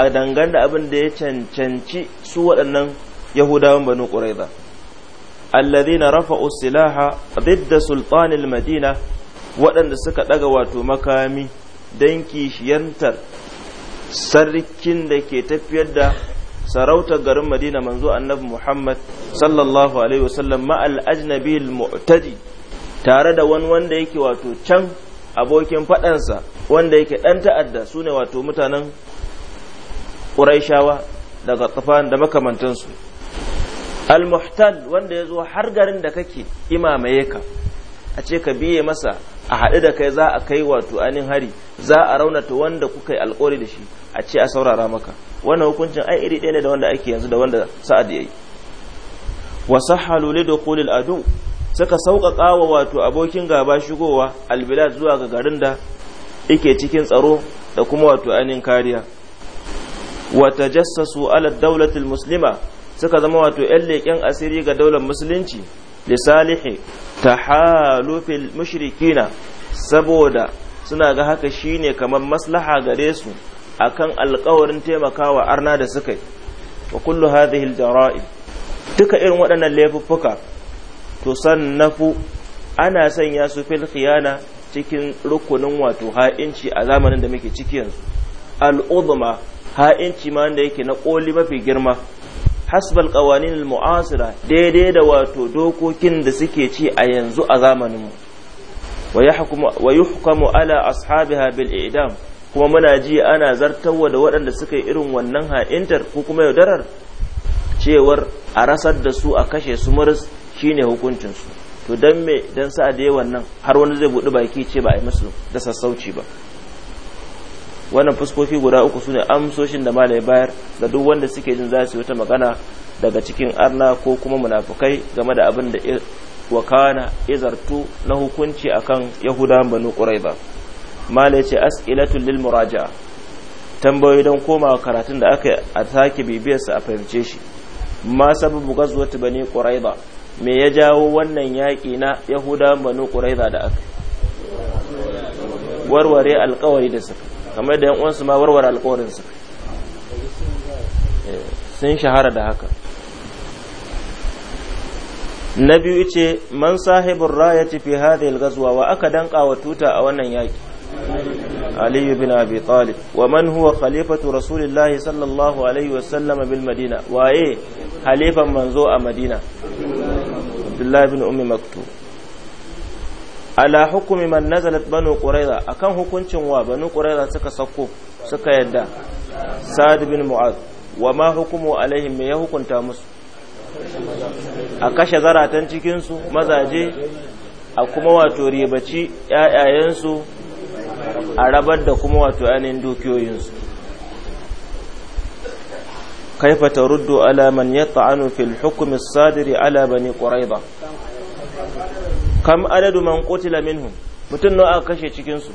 Speaker 1: a dangane da abin da ya cancanci su waɗannan yahudawan bani quraiza alladhina rafa'u silaha didda sultanil madina waɗanda suka ɗaga wato makami don kishiyantar sarkin da ke tafiyar da sarautar garin madina manzo annabi muhammad sallallahu alaihi wasallam ma'al ajnabi mu'tadi tare da wani wanda yake wato can abokin faɗansa wanda yake ɗan ta'adda su ne wato mutanen ƙuraishawa daga tsafan da makamantansu al-muhtal wanda ya zo har garin da kake imamaye ka a ce ka biye masa a haɗu da kai za a kai wato anin hari za a raunata wanda kuka yi alƙori da shi a ce a saurara maka wannan hukuncin ai iri ɗaya ne da wanda ake yanzu da wanda sa'ad yayi wa sahalu li dukhulil adu saka sauƙaƙa wa wato abokin gaba shigowa albilad zuwa ga garin da yake cikin tsaro da kuma wato ainihin kariya wa tajassasu ala dawlatil muslima suka zama wato yan leƙen asiri ga daular musulunci li salihi tahalufil mushrikina saboda suna ga haka shine kamar maslaha gare su akan alƙawarin taimakawa arna da suka yi wa kullu hadhihi aljara'i duka irin waɗannan laifuffuka to sannafu ana sanya su fil khiyana cikin rukunin wato ha'inci a zamanin da muke ciki yanzu al'udma ha'inci ma wanda yake na koli mafi girma hasbal qawanin al-mu'asira daidai da wato dokokin da suke ci a yanzu a zamanin mu wa yuhkamu ala ashabiha bil idam kuma muna ji ana zartarwa da waɗanda suka yi irin wannan ha'intar ko kuma yaudarar cewar a rasar da su a kashe su maris ne hukuncinsu to don me don sa da yawan nan har wani zai buɗi baki ce ba a yi musu da sassauci ba wannan fuskoki guda uku su ne amsoshin da malai bayar ga duk wanda suke jin za su yi wata magana daga cikin arna ko kuma munafukai game da abin da wakana izartu na hukunci akan yahudawan banu ƙurai ba malai ce as'ilatul lil muraja tambayoyi don komawa karatun da aka a bibiyar sa a fahimce shi ma sababu gazwatu bani quraiza me ya jawo wannan yaki na yahuda bani quraiza da aka warware alƙawari da suka kamar da yan uwansu ma warware alƙawarin suka eh, sun shahara da haka na biyu ce man sahibin rayati fi hadhihi al-ghazwa wa aka danka wa tuta a wannan yaki علي بن wa طالب ومن هو خليفة رسول الله صلى الله عليه وسلم بالمدينة وإيه خليفة منزوء مدينة عبد الله بن أم مكتوم ala hukumi man nazalat banu quraiza akan hukuncin wa banu quraiza suka sako suka yadda sa'ad bin mu'az wa ma hukumu alaihim ma ya hukunta musu
Speaker 2: a kashe zaratan
Speaker 1: cikinsu mazaje a kuma wato ribaci yayayen a rabar da kuma wato ainihin dukiyoyinsu kaifa ruddu ala man ta'anu fil hukmi sadiri ala bani quraiba kam adadu man qutila mutum mutun nawa kashe cikinsu.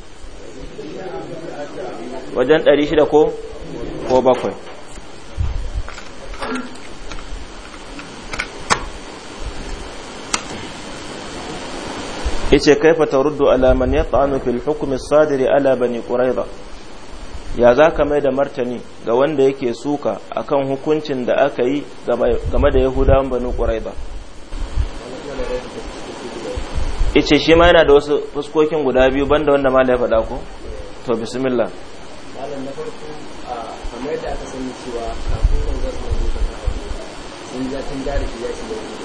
Speaker 1: wajen 600 shida ko bakwai yace kaifa taruddu ala man yat'anu fil hukm as-sadir ala bani quraiza ya zaka mai da martani ga wanda yake suka akan hukuncin da aka yi game da yahudawan bani quraiza yace shi ma yana da wasu fuskokin guda biyu banda wanda mala ya faɗa ko to bismillah
Speaker 3: malam na farko kamar yadda aka sani cewa kafin manzon sun ja tun jari ya ci da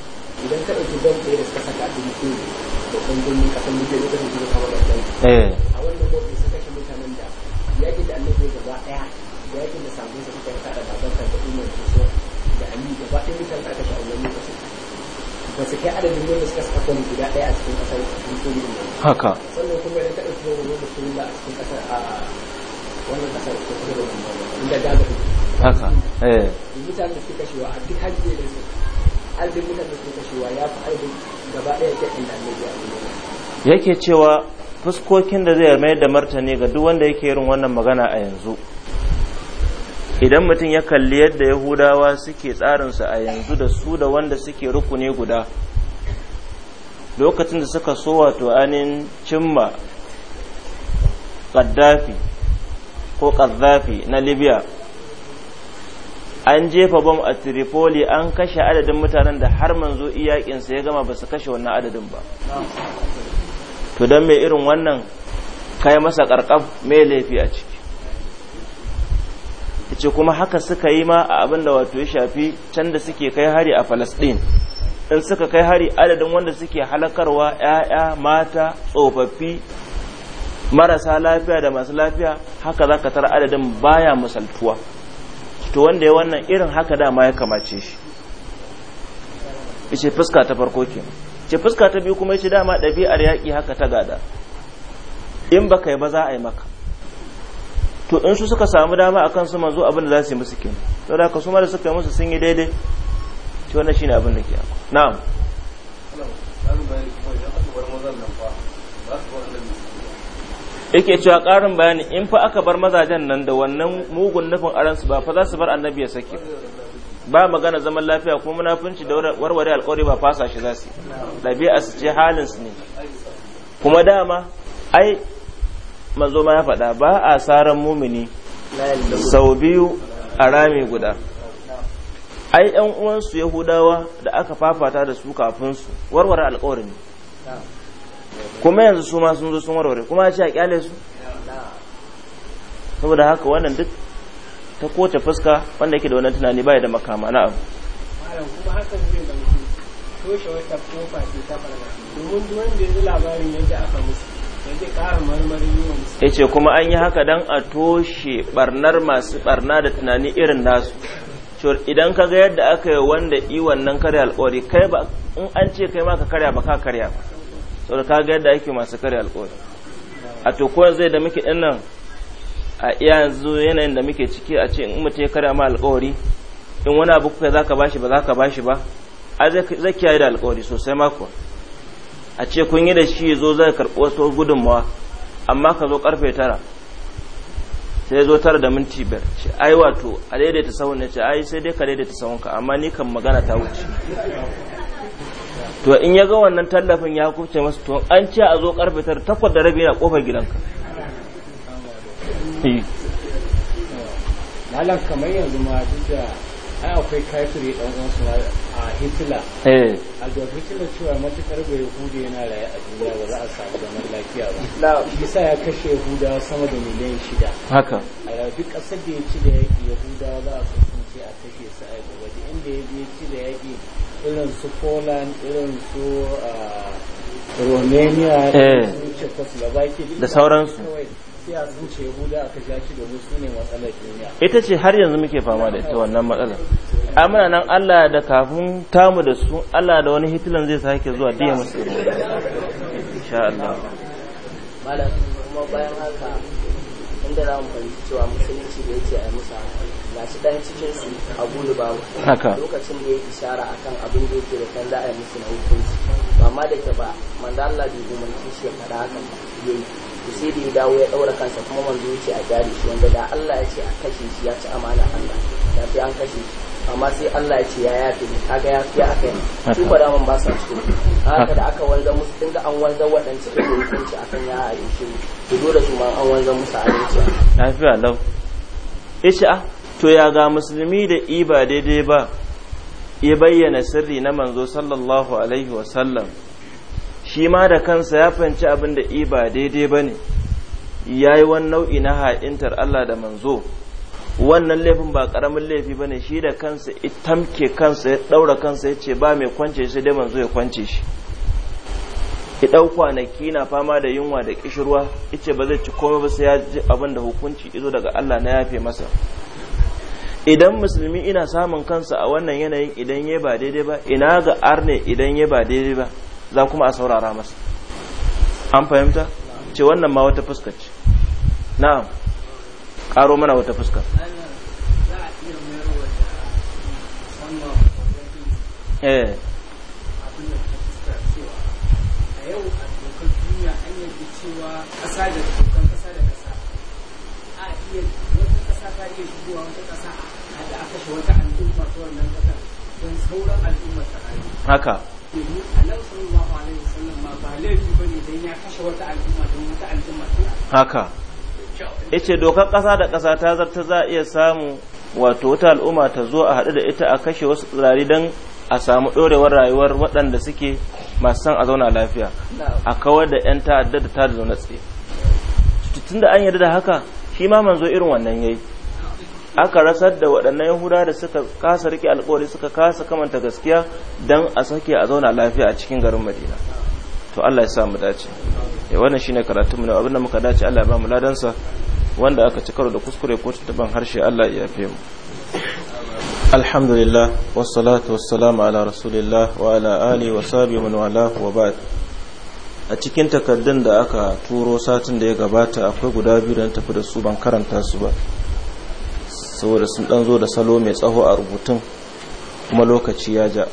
Speaker 3: idan ka ɗauki zan ɗaya da suka saka a cikin da kundin kasan da zai kasance eh. da da kai a wannan gobe suka shi mutanen da yakin da annabi gaba ɗaya yakin da samun sa suka kada baban kan da umar da su da ali gaba ɗaya mutanen aka shi a wannan kasan ba su kai adadin wanda suka saka kwanu guda ɗaya a cikin kasar musulmi haka sannan kuma idan ka ɗauki da su a cikin kasar a wannan kasar ko kuma da wannan inda gaza
Speaker 1: haka eh
Speaker 3: mutanen da suka shi wa a duk hajji da su
Speaker 1: yake cewa fuskokin da zai mayar da martani ga duk wanda yake irin wannan magana a yanzu idan mutum ya kalli yadda yahudawa suke tsarinsa a yanzu da su da wanda suke rukuni guda lokacin da suka so wato anin cimma ƙaddafi ko kaddafi na libya an jefa bom a tripoli an kashe adadin mutanen da har manzo iyakinsa ya gama ba su kashe wannan adadin ba to don mai irin wannan kai masa karkaf mai laifi a ciki ce kuma haka suka yi ma a abin da wato ya shafi can da suke kai hari a falasɗin in suka kai hari adadin wanda suke halakarwa 'ya'ya mata tsofaffi marasa lafiya da masu lafiya haka za ka tara adadin baya misaltuwa to wanda ya wannan irin haka dama ya kamace shi ishe fuska ta farko ke ce fuska ta biyu kuma yace dama ɗabi'ar yaƙi haka ta gada in baka yi ba za a yi maka to in su suka samu dama akan su manzo abin da za su yi musu to da ka su ma da suka yi musu sun yi daidai to wannan ne abin da ke na'am yake cewa ƙarin bayani in fa aka bar mazajen nan da wannan mugun nufin aransu ba fa za su bar annabi ya sake ba magana zaman lafiya kuma munafunci da warware alƙawari ba fasa shi za su ɗabi'a su ce halin su ne kuma dama ai manzo ma ya faɗa ba a saran mumini sau biyu a rami guda ai yan uwansu yahudawa da aka fafata da su kafin su warware alƙawarin kuma yanzu su ma sun zo sun warware kuma ya ce a kyale su saboda haka wannan duk ta kowace fuska wanda yake da wannan tunani baya da makama na abu
Speaker 3: ya musu
Speaker 1: ce kuma an yi haka don a toshe barnar masu barna da tunani irin nasu cewar idan ka ga yadda aka yi wanda iwan nan karya alkawari kai ba in an ce kai ma ka karya ba ka karya ba saboda ga yadda ake masu kare alƙawari a to ko zai da muke din nan a iya yanzu yanayin da muke ciki a ce in mutum ya kare ma alƙawari in wani abu kuka zaka bashi ba zaka bashi ba a zai kiyaye da alƙawari sosai mako a ce kun yi da shi zo zai karɓo wasu gudunmawa amma ka zo karfe tara sai zo tara da minti biyar ce ai wato a daidaita sahun ne ce ai sai dai ka daidaita sahunka amma ni kan magana ta wuce to in ya ga wannan tallafin ya kuce masa to an ce a zo karfe tara takwas da rabi yana kofar gidanka
Speaker 2: hmm.
Speaker 3: malam kamar yanzu ma duk da ai akwai kafiri dan uwan su a Hitler eh a ga Hitler cewa matukar bai Yahudi yana raye a duniya ba za a samu zaman lafiya ba bisa ya kashe yahuda sama da miliyan shida haka a duk kasar da ya ci da yaki Yahudawa za a sun a kashe su a gobe inda ya je ci da yaki irin su poland irin su ah, romania eh. su czechoslovakia da sauransu ita ce
Speaker 1: har yanzu muke fama da ita wannan matsalar amina nan allah da kafin tamu da su allah da wani hitlan zai sake zuwa diya masu musu
Speaker 3: insha Allah malam kuma bayan haka inda za mu fahimci cewa musulunci da yake a musa gashi dan cikin su a gudu babu haka lokacin da ya ishara akan abin da yake da kan za a yi musu na hukunci amma da ke ba manzo Allah bai umarci shi ya fada haka yayi to sai da ya dawo ya ɗaura kansa kuma manzo ya ce a jari shi wanda da Allah ya ce a kashe shi ya ci amana Allah da fi an kashe shi amma sai Allah ya ce ya yafe ni kaga ya fiya aka yi su kwa daman ba sa cikin haka da aka wanzan musu da an wanzan waɗanci da hukunci akan ya a yi shi su zo da su ma an wanzan musu a yi
Speaker 1: lafiya lau isha to ya ga musulmi da iba daidai ba ya bayyana sirri na manzo sallallahu alaihi wasallam shi ma da kansa ya fanci abin da iba daidai ba ne ya yi wani nau'i na ha'intar Allah da manzo wannan laifin ba ƙaramin laifi ba ne shi da kansa itamke kansa ya ɗaura kansa ya ce ba mai kwance shi dai manzo ya kwance shi ki ɗau kwanaki na fama da yunwa da kishirwa ice ba zai ci komai ba sai ya ji abin da hukunci izo daga Allah na yafe masa idan musulmi ina samun kansa a wannan yanayin idan ya ba daidai ba ina ga arne idan ya ba daidai ba za kuma a saurara masa an fahimta ce wannan ma wata fuskar ce na'am karo mana wata fuskar eh. da da a iya wata
Speaker 3: ta iya shigowa wata a haka. haka
Speaker 1: dokar ƙasa da ƙasa ta zarta za a iya samu wato wata al'umma ta zo a haɗu da ita a kashe wasu tsirari don a samu ɗorewar rayuwar waɗanda suke masu san a zauna lafiya a kawar da 'yan ta'adda da ta da zaune tsaye tun da an yarda da haka shi ma manzo irin wannan yayi aka rasar da waɗannan yahuda da suka kasa rike alƙawari suka kasa kamanta gaskiya don a sake a zauna lafiya a cikin garin madina to allah ya sa mu dace ya eh, wannan ne karatu mu abinda muka dace allah ya ba mu ladansa wanda aka ci karo da kuskure ko taban harshe allah ya yafe mu alhamdulillah wassalatu wassalamu ala rasulillah wa ala ali wa sabi man wala wa ba'd a cikin takaddun da aka turo satin da ya gabata akwai guda biyu da na tafi da su ban karanta su ba saboda sun dan zo da salo mai tsaho a rubutun kuma lokaci ya ja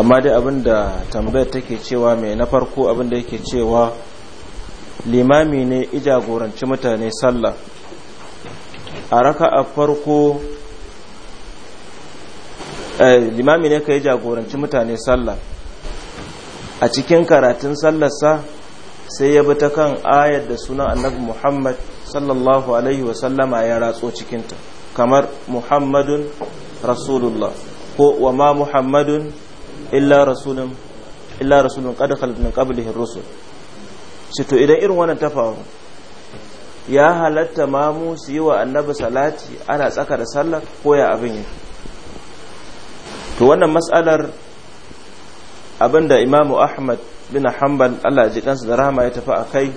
Speaker 1: amma dai abinda tambayar take cewa mai na farko abinda yake cewa limami ne ijagoranci mutane sallah a raka a farko eh, limami ne ka yi jagoranci mutane sallah a cikin karatun sallarsa sai ya bi ta kan ayar da sunan annabi muhammad sallallahu alaihi wasallama ya ratso cikinta kamar muhammadun rasulullah ko wa ma muhammadun illa rasulun illa rasulun min qablihi rusul shi to idan irin wannan ta faru ya halatta mamu su yi wa annabi salati ana tsaka da sallar ko ya abin yi. to wannan mas'alar abinda imamu ahmad bin hanbal Allah ya ji kansa da rahama ya tafi a kai.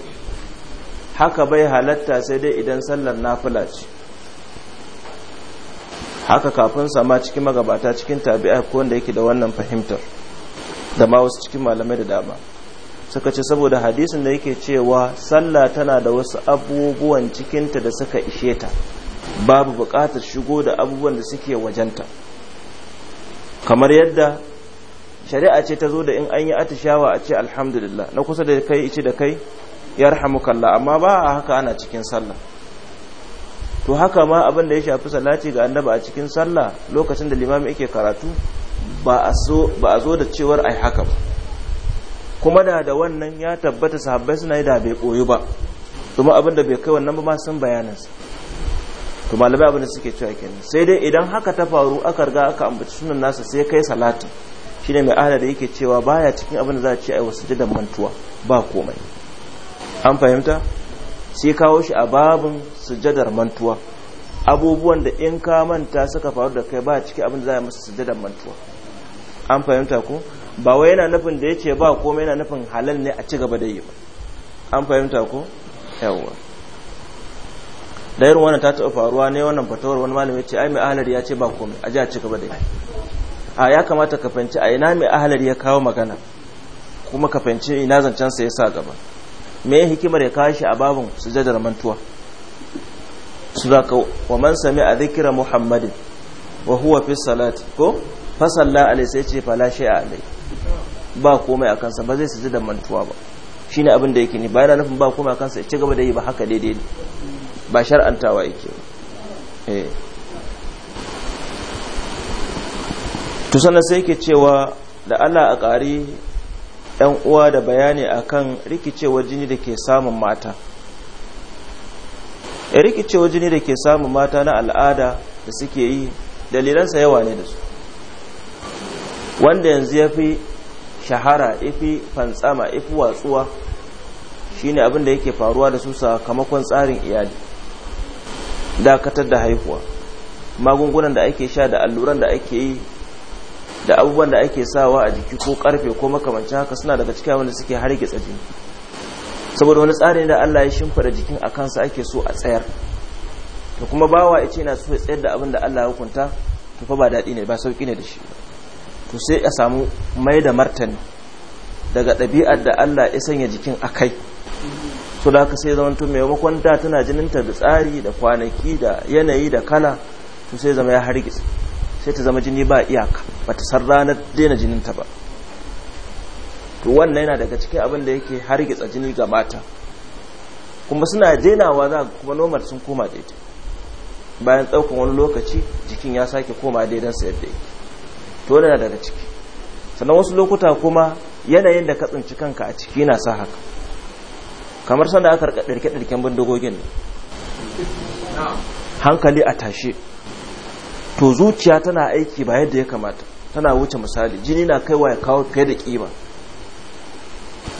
Speaker 1: haka bai halatta sai dai idan sallar nafila ce haka kafin sama cikin magabata cikin tabi'a ko wanda yake da wannan fahimtar da ma wasu cikin malamai da dama suka ce saboda hadisin da yake cewa sallah tana da wasu abubuwan cikinta da suka ishe ta babu buƙatar shigo da abubuwan da suke wajenta kamar yadda shari'a ce ta zo da in an yi atishawa a ce alhamdulillah na kusa da kai ice da kai kalla amma ba a haka ana cikin sallah to haka ma abin da ya shafi salati ga annaba a cikin sallah lokacin da limami yake karatu ba a zo da cewar ai haka ba kuma da da wannan ya tabbata sahabbai suna yi da bai koyi ba kuma abin da bai kai wannan ba ma sun su to malamai abin da suke cewa kenan sai dai idan haka ta faru aka riga aka ambaci sunan nasa sai kai salatin shine mai adada yake cewa baya cikin abin da za a ce ai wasu jidan mantuwa ba komai an fahimta sai kawo shi a babin sujadar mantuwa abubuwan da in ka manta suka faru da kai ba ciki abin da za a masa sujadar mantuwa an fahimta ko ba wai yana nufin da ya ce ba komai yana nufin halal ne a ci gaba da yi ba an fahimta ko yawwa da irin wannan ta taɓa faruwa ne wannan fatawar wani malami ce ai mai ahalari ya ce ba komai a ji a ci gaba da yi a ya kamata ka fahimci a ina mai ahalari ya kawo magana kuma ka fahimci ina zancen sa ya sa gaba me ya hikimar ya kashi a babin sujadar mantuwa su za ka wa man sami a zikira muhammadin wa huwa fi salati ko fasalla alai sai ce fala shi a alai ba komai a kansa ba zai sujadar mantuwa ba shi ne abin da yake ni ba yana nufin ba komai a kansa ya ci gaba da yi ba haka daidai ne ba shar'antawa yake eh. tusanar sannan sai ke cewa da Allah a ƙari 'yan uwa da bayani akan rikicewar jini da ke samun mata ya rikicewar jini da ke samun mata na al'ada da suke yi dalilansa yawa ne da su wanda yanzu ya fi shahara ifi fantsama ifi watsuwa shine abin da yake faruwa da su sakamakon tsarin iyali dakatar da haihuwa magungunan da ake sha da alluran da ake yi da abubuwan da ake sawa a jiki ko karfe ko makamancin haka suna daga cikin wanda suke hargitsa jini saboda wani tsari da Allah ya shimfida jikin a kansa ake so a tsayar to kuma bawa ya ce na so ya tsayar da abin da Allah ya hukunta to fa ba daɗi ne ba sauƙi ne da shi to sai a samu mai da martani daga ɗabi'ar da Allah ya sanya jikin akai kai so da haka sai zama to mai makwanta tana jininta da tsari da kwanaki da yanayi da kala to sai zama ya hargitsa sai ta zama jini ba iyaka ba ta san ranar daina jinin ta ba to wannan yana daga cikin abin da yake hargitsa jini ga mata kuma suna dainawa za kuma nomar sun koma daidai bayan tsaukan wani lokaci jikin ya sake koma daidan sa yadda yake to yana daga ciki sannan wasu lokuta kuma yanayin da ka tsinci kanka a ciki na sa haka kamar sanda aka ɗirke-ɗirken bindigogin hankali a tashe to zuciya tana aiki ba yadda ya kamata tana wuce misali jini na kaiwa ya kawo kai da kima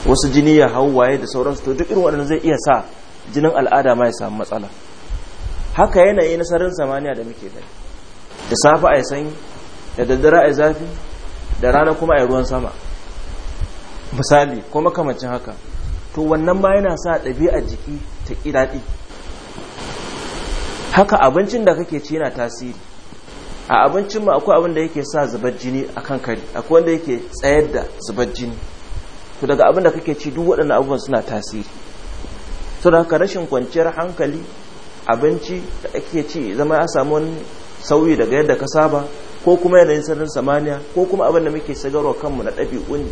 Speaker 1: wasu jini ya hau waye da sauransu to duk irin waɗanda zai iya sa jinin al'ada ma ya samu matsala haka yanayi na nasarar samaniya da muke gani da safe a yi sanyi da daddare a zafi da rana kuma a ruwan sama misali kuma makamacin haka to wannan ba yana sa ɗabi'ar jiki ta ƙi daɗi haka abincin da kake ci yana tasiri a abincin mu akwai abin da yake sa zubar jini a kan kari akwai wanda yake tsayar da zubar jini to daga abin da kake ci duk waɗannan abubuwan suna tasiri to da haka rashin kwanciyar hankali abinci da ake ci zama a samu wani sauyi daga yadda ka saba ko kuma yanayin sanin samaniya ko kuma abin da muke sagarwa kanmu na ɗabi'un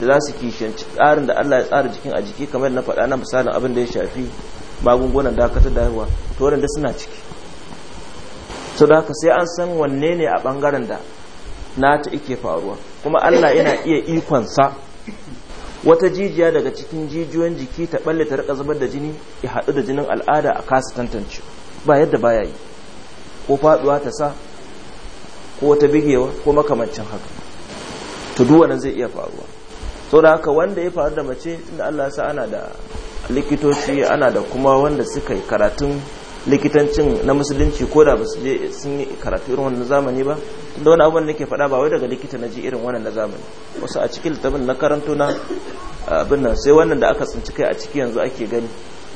Speaker 1: da za su kishiyanci tsarin da Allah ya tsara jikin a jiki kamar na faɗa na misalin abin da ya shafi magungunan dakatar da haihuwa to waɗanda suna ciki sau da haka sai an san wanne ne a ɓangaren da na ta ike faruwa kuma allah yana iya ikon sa. wata jijiya daga cikin jijiyoyin jiki ta balle ta rika zubar da jini ya haɗu da jinin al'ada a kasa tantance ba yadda baya yi ko faɗuwa ta sa ko wata bigewa ko makamancin haka to duk wannan zai iya faruwa sau da haka wanda ya faru da mace tunda allah ya sa ana da likitoci ana da kuma wanda suka yi karatun likitancin na musulunci ko da basu je sun yi karatu irin wannan zamani ba da wani abin da ke faɗa ba wai daga likita na ji irin wannan na zamani wasu a cikin littafin na karanto na abin nan sai wannan da aka tsinci kai a ciki yanzu ake gani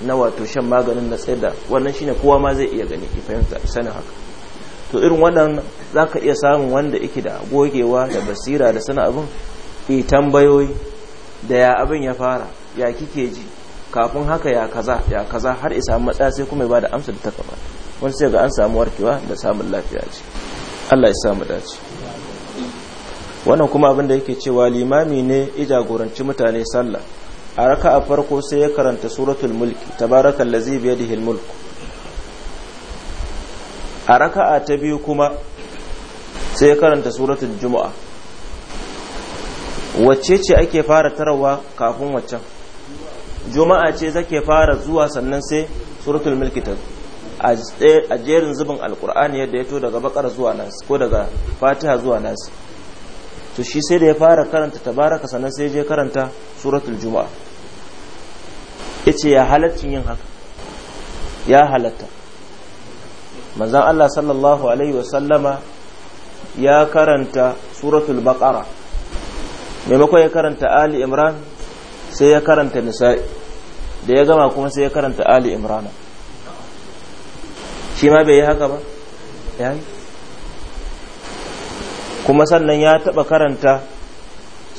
Speaker 1: na wato shan maganin na tsaye da wannan shine kowa ma zai iya gani ya fahimta sanin haka to irin wannan zaka iya samun wanda yake da gogewa da basira da sanin abin tambayoyi da ya abin ya fara ya kike ji kafin haka ya kaza ya kaza har isa matsaya sai kuma ya bada amsa da ta kamata wani sai ga an samu warkewa da samun lafiya ce Allah ya samu dace wannan kuma abin da yake cewa limami ne ya jagoranci mutane sallah a raka a farko sai ya karanta suratul mulki tabarakal ladzi bi yadihi mulku a raka'a ta biyu kuma sai ya karanta suratul jumu'a wacce ce ake fara tarawa kafin waccan juma'a ce zake fara zuwa sannan sai suratul mulki ta a jerin zubin alkur'ani yadda ya to daga bakar zuwa nas ko daga fatiha zuwa nas to shi sai da ya fara karanta tabaraka sannan sai je karanta suratul juma'a yace ya halaccin yin haka ya halatta manzon Allah sallallahu alaihi wa sallama ya karanta suratul baqara maimakon ya karanta ali imran sai ya karanta nisa'i da ya gama kuma sai ya karanta ali imrana shi ma bai yi haka ba ya yi kuma sannan ya taba karanta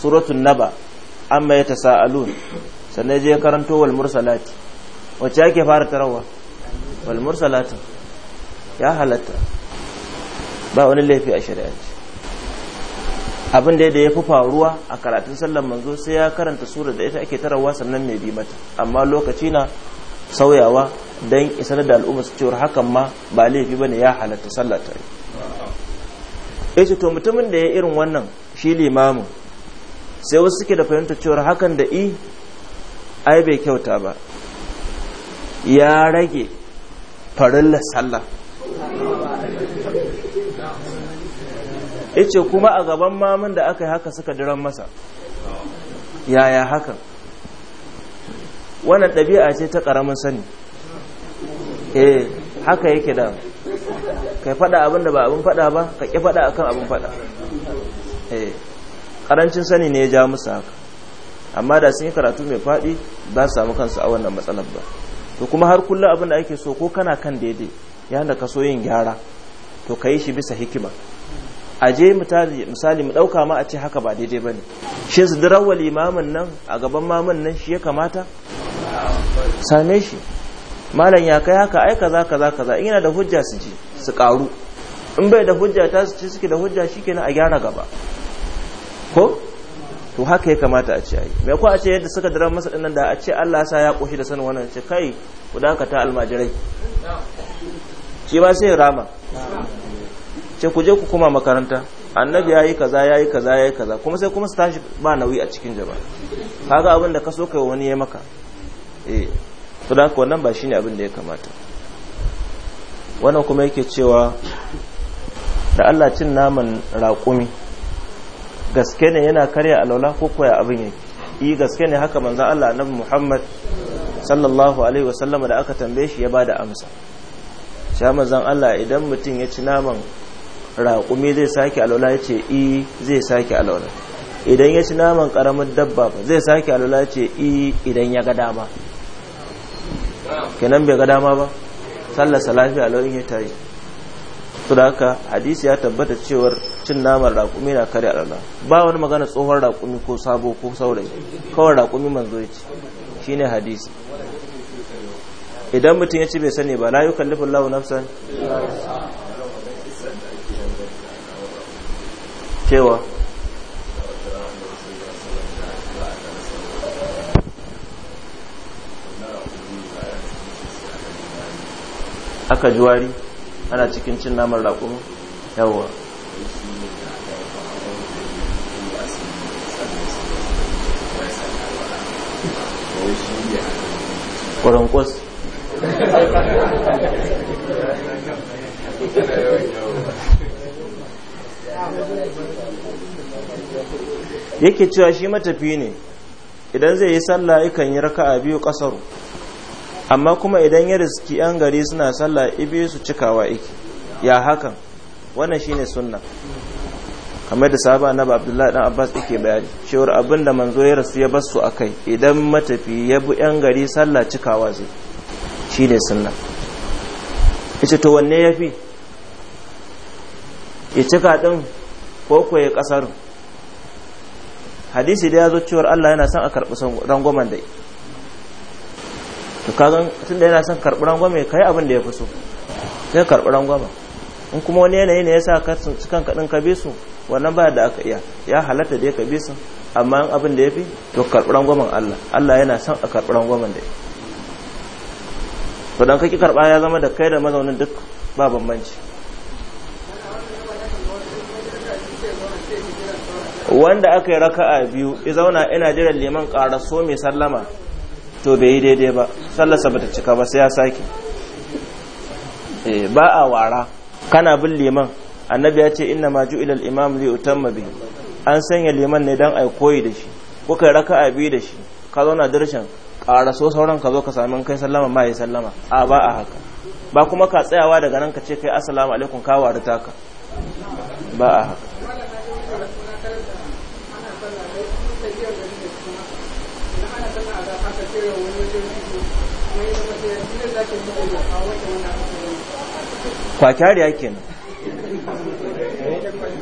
Speaker 1: suratun naba amma ya sa'alun sannan je karanto wal mursalati wacce ake fara tarawa wal ya halatta ba wani laifi a shari'aci abin da ya fi faruwa a karatun sallar manzo sai ya karanta surar da ita ake tarawa sannan mai bi mata amma lokaci na sauyawa don isar da al'umma su cewar hakan ma ba laifi ba ne ya halatta sallar ta ya to mutumin da ya irin wannan shi limamin sai wasu suke da fahimta cewar hakan da i ai bai kyauta ba ya rage farin sallah yace kuma a gaban mamun da aka yi haka suka diran masa yaya haka wannan ɗabi'a ce ta ƙaramin sani eh haka yake da kai faɗa abin da ba abin faɗa ba ka ƙi faɗa akan abin faɗa eh ƙarancin sani ne ya ja musu haka amma da sun yi karatu mai faɗi ba su samu kansu a wannan matsalar ba to kuma har kullum abin da ake so ko kana kan daidai yana ka so yin gyara to ka yi shi bisa hikima a je misali mu ɗauka ma a ce haka ba daidai ba ne shi su dirawa limamin nan a gaban mamin nan shi ya kamata same shi malam ya kai haka ai kaza kaza kaza in yana da hujja su ji su karu in bai da hujja ta su ci suke da hujja shi kenan a gyara gaba ko to haka ya kamata a ce ai me ko a ce yadda suka dira masa dinnan da a ce Allah sa ya koshi da sanin wannan ce kai ku dakata almajirai shi ba sai rama ce ku je ku kuma makaranta annabi yayi kaza yayi kaza yayi kaza kuma sai kuma su tashi ba nauyi a cikin jama'a kaga abin da ka so kai wani ya maka eh to da ko nan ba shine abin da ya kamata wannan kuma yake cewa da Allah cin naman raƙumi gaske ne yana karya alaula ko koya abin yake yi eh, gaske ne haka manzo Allah annabi Muhammad sallallahu alaihi wasallam da aka tambaye shi ya bada amsa sha manzon Allah idan mutum ya ci naman raƙumi zai sake alola ya ce i zai sake alola idan ya ci naman ƙaramin dabba zai sake alola ya ce i idan ya ga dama kenan bai ga dama ba sallasa lafiya lauyin ya tayi su da haka hadisi ya tabbata cewar cin naman raƙumi na kare alola ba wani magana tsohon raƙumi ko sabo ko saurayi kawai raƙumi manzo ya ci shine hadisi idan mutum ya ci bai sani ba la yukallifu Allahu nafsan cewa aka juwari ana cikin cin naman raƙumi yawa.
Speaker 2: ƙwaron yake
Speaker 1: cewa shi matafi ne idan zai yi sallah yakan yi raka'a biyu kasar amma kuma idan ya riski yan gari suna sallah ibi su cikawa iki ya hakan wannan shine sunna kamar da sahaba annabi abdullahi dan abbas yake bayani cewar abin da manzo ya rasu ya basu akai idan matafi ya bi yan gari sallah cikawa zai shine sunna ita to wanne yafi ya ci kaɗin ko ko ya ƙasar hadisi da ya zo cewar Allah yana son a karɓi rangwamen da to tun da yana son karɓi rangwame kai abin da ya fi so sai karɓi rangwamen in kuma wani yanayi ne ya sa ka cikin kaɗin ka bi su wannan ba da aka iya ya halatta da ya ka bi su amma in abin da ya fi to karɓi rangwamen Allah Allah yana son a karɓi rangwamen da to dan kaki karɓa ya zama da kai da mazaunin duk ba bambanci wanda aka yi raka'a biyu ya zauna ina jiran liman karaso mai sallama to bai yi daidai ba sallarsa bata cika ba sai ya sake eh, ba a wara kana bin liman annabi ya ce inna ma ju'ila imam zai utamma mabi an sanya liman ne dan ai koyi da shi raka raka'a biyu da shi ka zauna ƙara karaso sauran ka zo ka sami kai sallama ma ya sallama a ba a haka ba kuma ka tsayawa daga nan ka ce kai assalamu alaikum ka wari taka
Speaker 2: ba a haka
Speaker 3: ke
Speaker 1: nan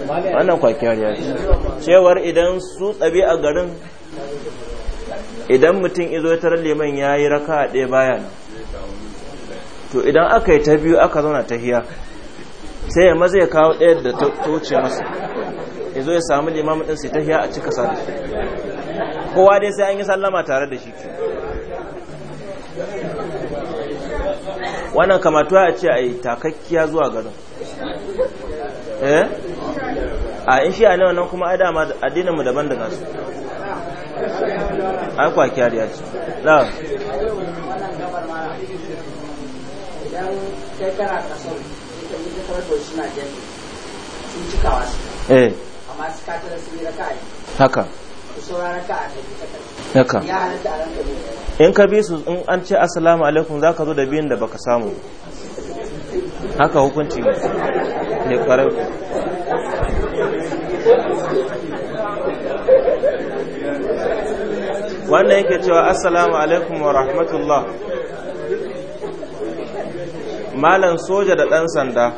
Speaker 1: wannan kwakiyariya ce cewar idan su tsabi a garin idan mutum izo ya tarar liman ya yi raka a ɗaya baya to idan aka yi ta biyu aka zauna ta hiya sai ya maza ya kawo ɗaya da ta wuce masa izo ya samu limamin ɗin sai ta hiya a cika sa kowa dai sai an yi sallama tare da shi ke wannan kamatuwa a ce a yi takakkiya zuwa gado eh a in shi a ne wannan kuma adama addininmu daban da nasu ai kwa ya ce na eh haka Yaka. in ka bi su in an ce assalamu alaikum za ka zo da biyun da baka samu
Speaker 3: haka hukunci
Speaker 2: ne kwarar wannan yake cewa assalamu
Speaker 1: alaikum wa rahmatullah Malam soja da ɗan sanda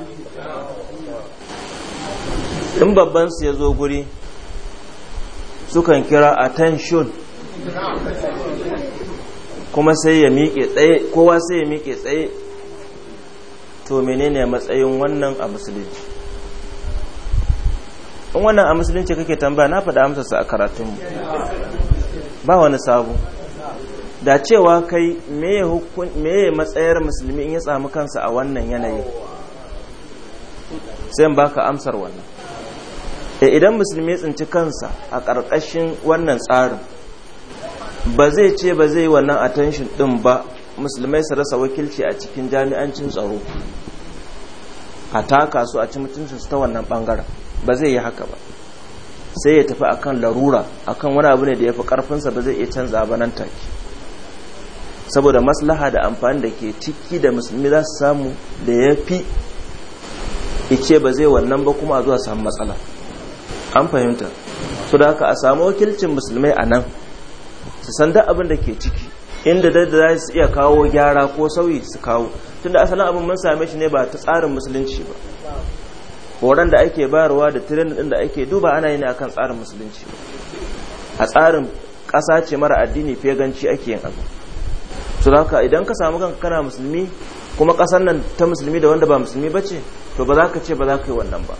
Speaker 1: in babban su ya zo guri sukan kira attention kuma sai ya miƙe tsaye kowa sai ya miƙe tsaye to menene matsayin wannan a musulunci in wannan a musulunci kake tambaya na faɗa amsarsa a karatunmu ba wani sabu da cewa kai meye matsayar musulmi in ya tsami kansa a wannan yanayi sai baka amsar wannan e idan musulmi tsinci kansa a ƙarƙashin wannan tsarin ba zai ce ba zai wannan attention ɗin ba musulmai su rasa wakilci a cikin jami'ancin tsaro a taka su a ci su ta wannan ɓangaren ba zai yi haka ba sai ya tafi akan larura akan wani abu ne da ya fi ƙarfinsa ba zai iya canza ba nan take saboda maslaha da amfani da ke ciki da musulmi za su samu da ya fi ice ba zai wannan ba kuma a zuwa samu matsala an fahimta su da haka a samu wakilcin musulmai a nan su san duk abin da ke ciki inda da za su iya kawo gyara ko sauyi su kawo tunda asalin abin mun same shi ne ba ta tsarin musulunci ba horon da ake barwa da tirin din da ake duba ana yi ne akan tsarin musulunci a tsarin ƙasa ce mara addini feganci ake yin abu su haka idan ka samu kanka kana musulmi kuma ƙasar nan ta musulmi da wanda ba musulmi ba ce to ba za ka ce ba za ka yi wannan ba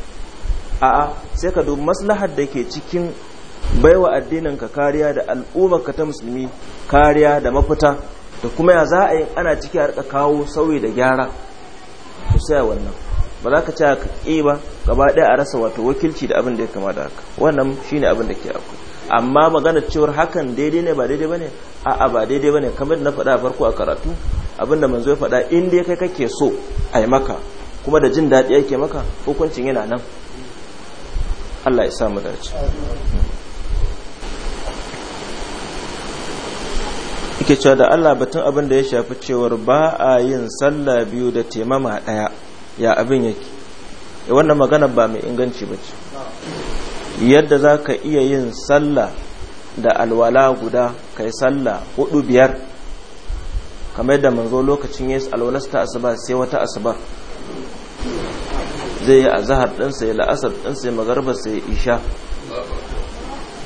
Speaker 1: a'a sai ka dubi maslahar da ke cikin baiwa addinin ka kariya da al'ummar ka ta musulmi kariya da mafita da kuma ya za a yi ana ciki harka kawo sauyi da gyara ku sai wannan ba za ka ce ka ƙi ba gaba ɗaya a rasa wato wakilci da abin da ya kama da haka wannan shi ne abin da ke aku amma magana cewar hakan daidai ne ba daidai bane a'a ba daidai bane kamar na faɗa farko a karatu abin da manzo ya faɗa in dai kai kake so a yi maka kuma da jin daɗi yake maka hukuncin yana nan Allah ya samu dace Ike cewa da Allah batun abin da ya shafi cewar ba a yin sallah biyu da taimama ɗaya ya abin yake eh, wannan magana ba mai inganci ba ce yadda za ka iya yin sallah da alwala guda kai sallah hudu biyar kamar yadda manzo lokacin yesu alwalasta ta asuba sai wata asubar zai yi a zahar ɗinsa ya la'asar ɗinsa ya magarbar ya isha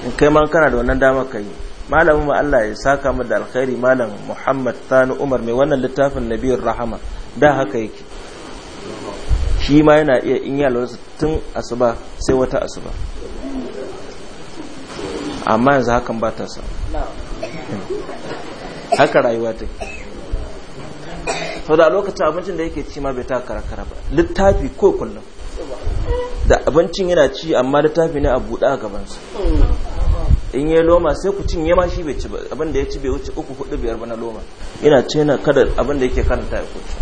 Speaker 1: in kai man kana da wannan dama ka yi malamin mu Allah ya saka mu da alkhairi malam Muhammad Sani Umar mai wannan littafin Nabiyur Rahama da haka yake shi ma yana iya in yalwarsa tun asuba sai wata asuba amma yanzu hakan ba ta sa
Speaker 2: haka rayuwa
Speaker 1: take sau da lokacin abincin da yake ci ma bai ta karakara ba littafi ko kullum da abincin yana ci amma littafi ne a buɗa a gabansa in yi loma sai ku cin ma shi bai ci abin da ya ci bai wuce uku hudu biyar ba na loma yana ce na kada abin da yake karanta ya kuce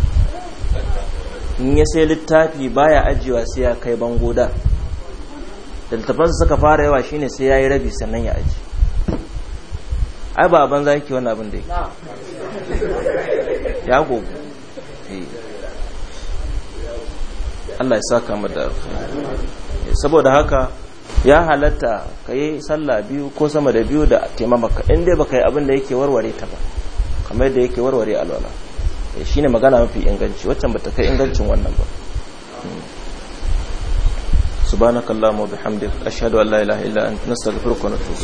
Speaker 1: in ya sai littafi baya ajiyewa sai ya kai bango da da littafansa suka fara yawa shine sai ya yi rabi sannan ya aji ai ba banza ki wani abin da
Speaker 2: ya gogo Allah ya saka mu da
Speaker 1: saboda haka ya halatta ka yi sallah biyu ko sama da biyu da taimamaka in dai baka yi abin da yake warware ta ba kamar yadda yake warware alwala eh, shine magana mafi inganci waccan bata kai ingancin wannan ba hmm. subhanakallahumma wa bihamdika ashhadu an la ilaha illa anta nastaghfiruka wa natubu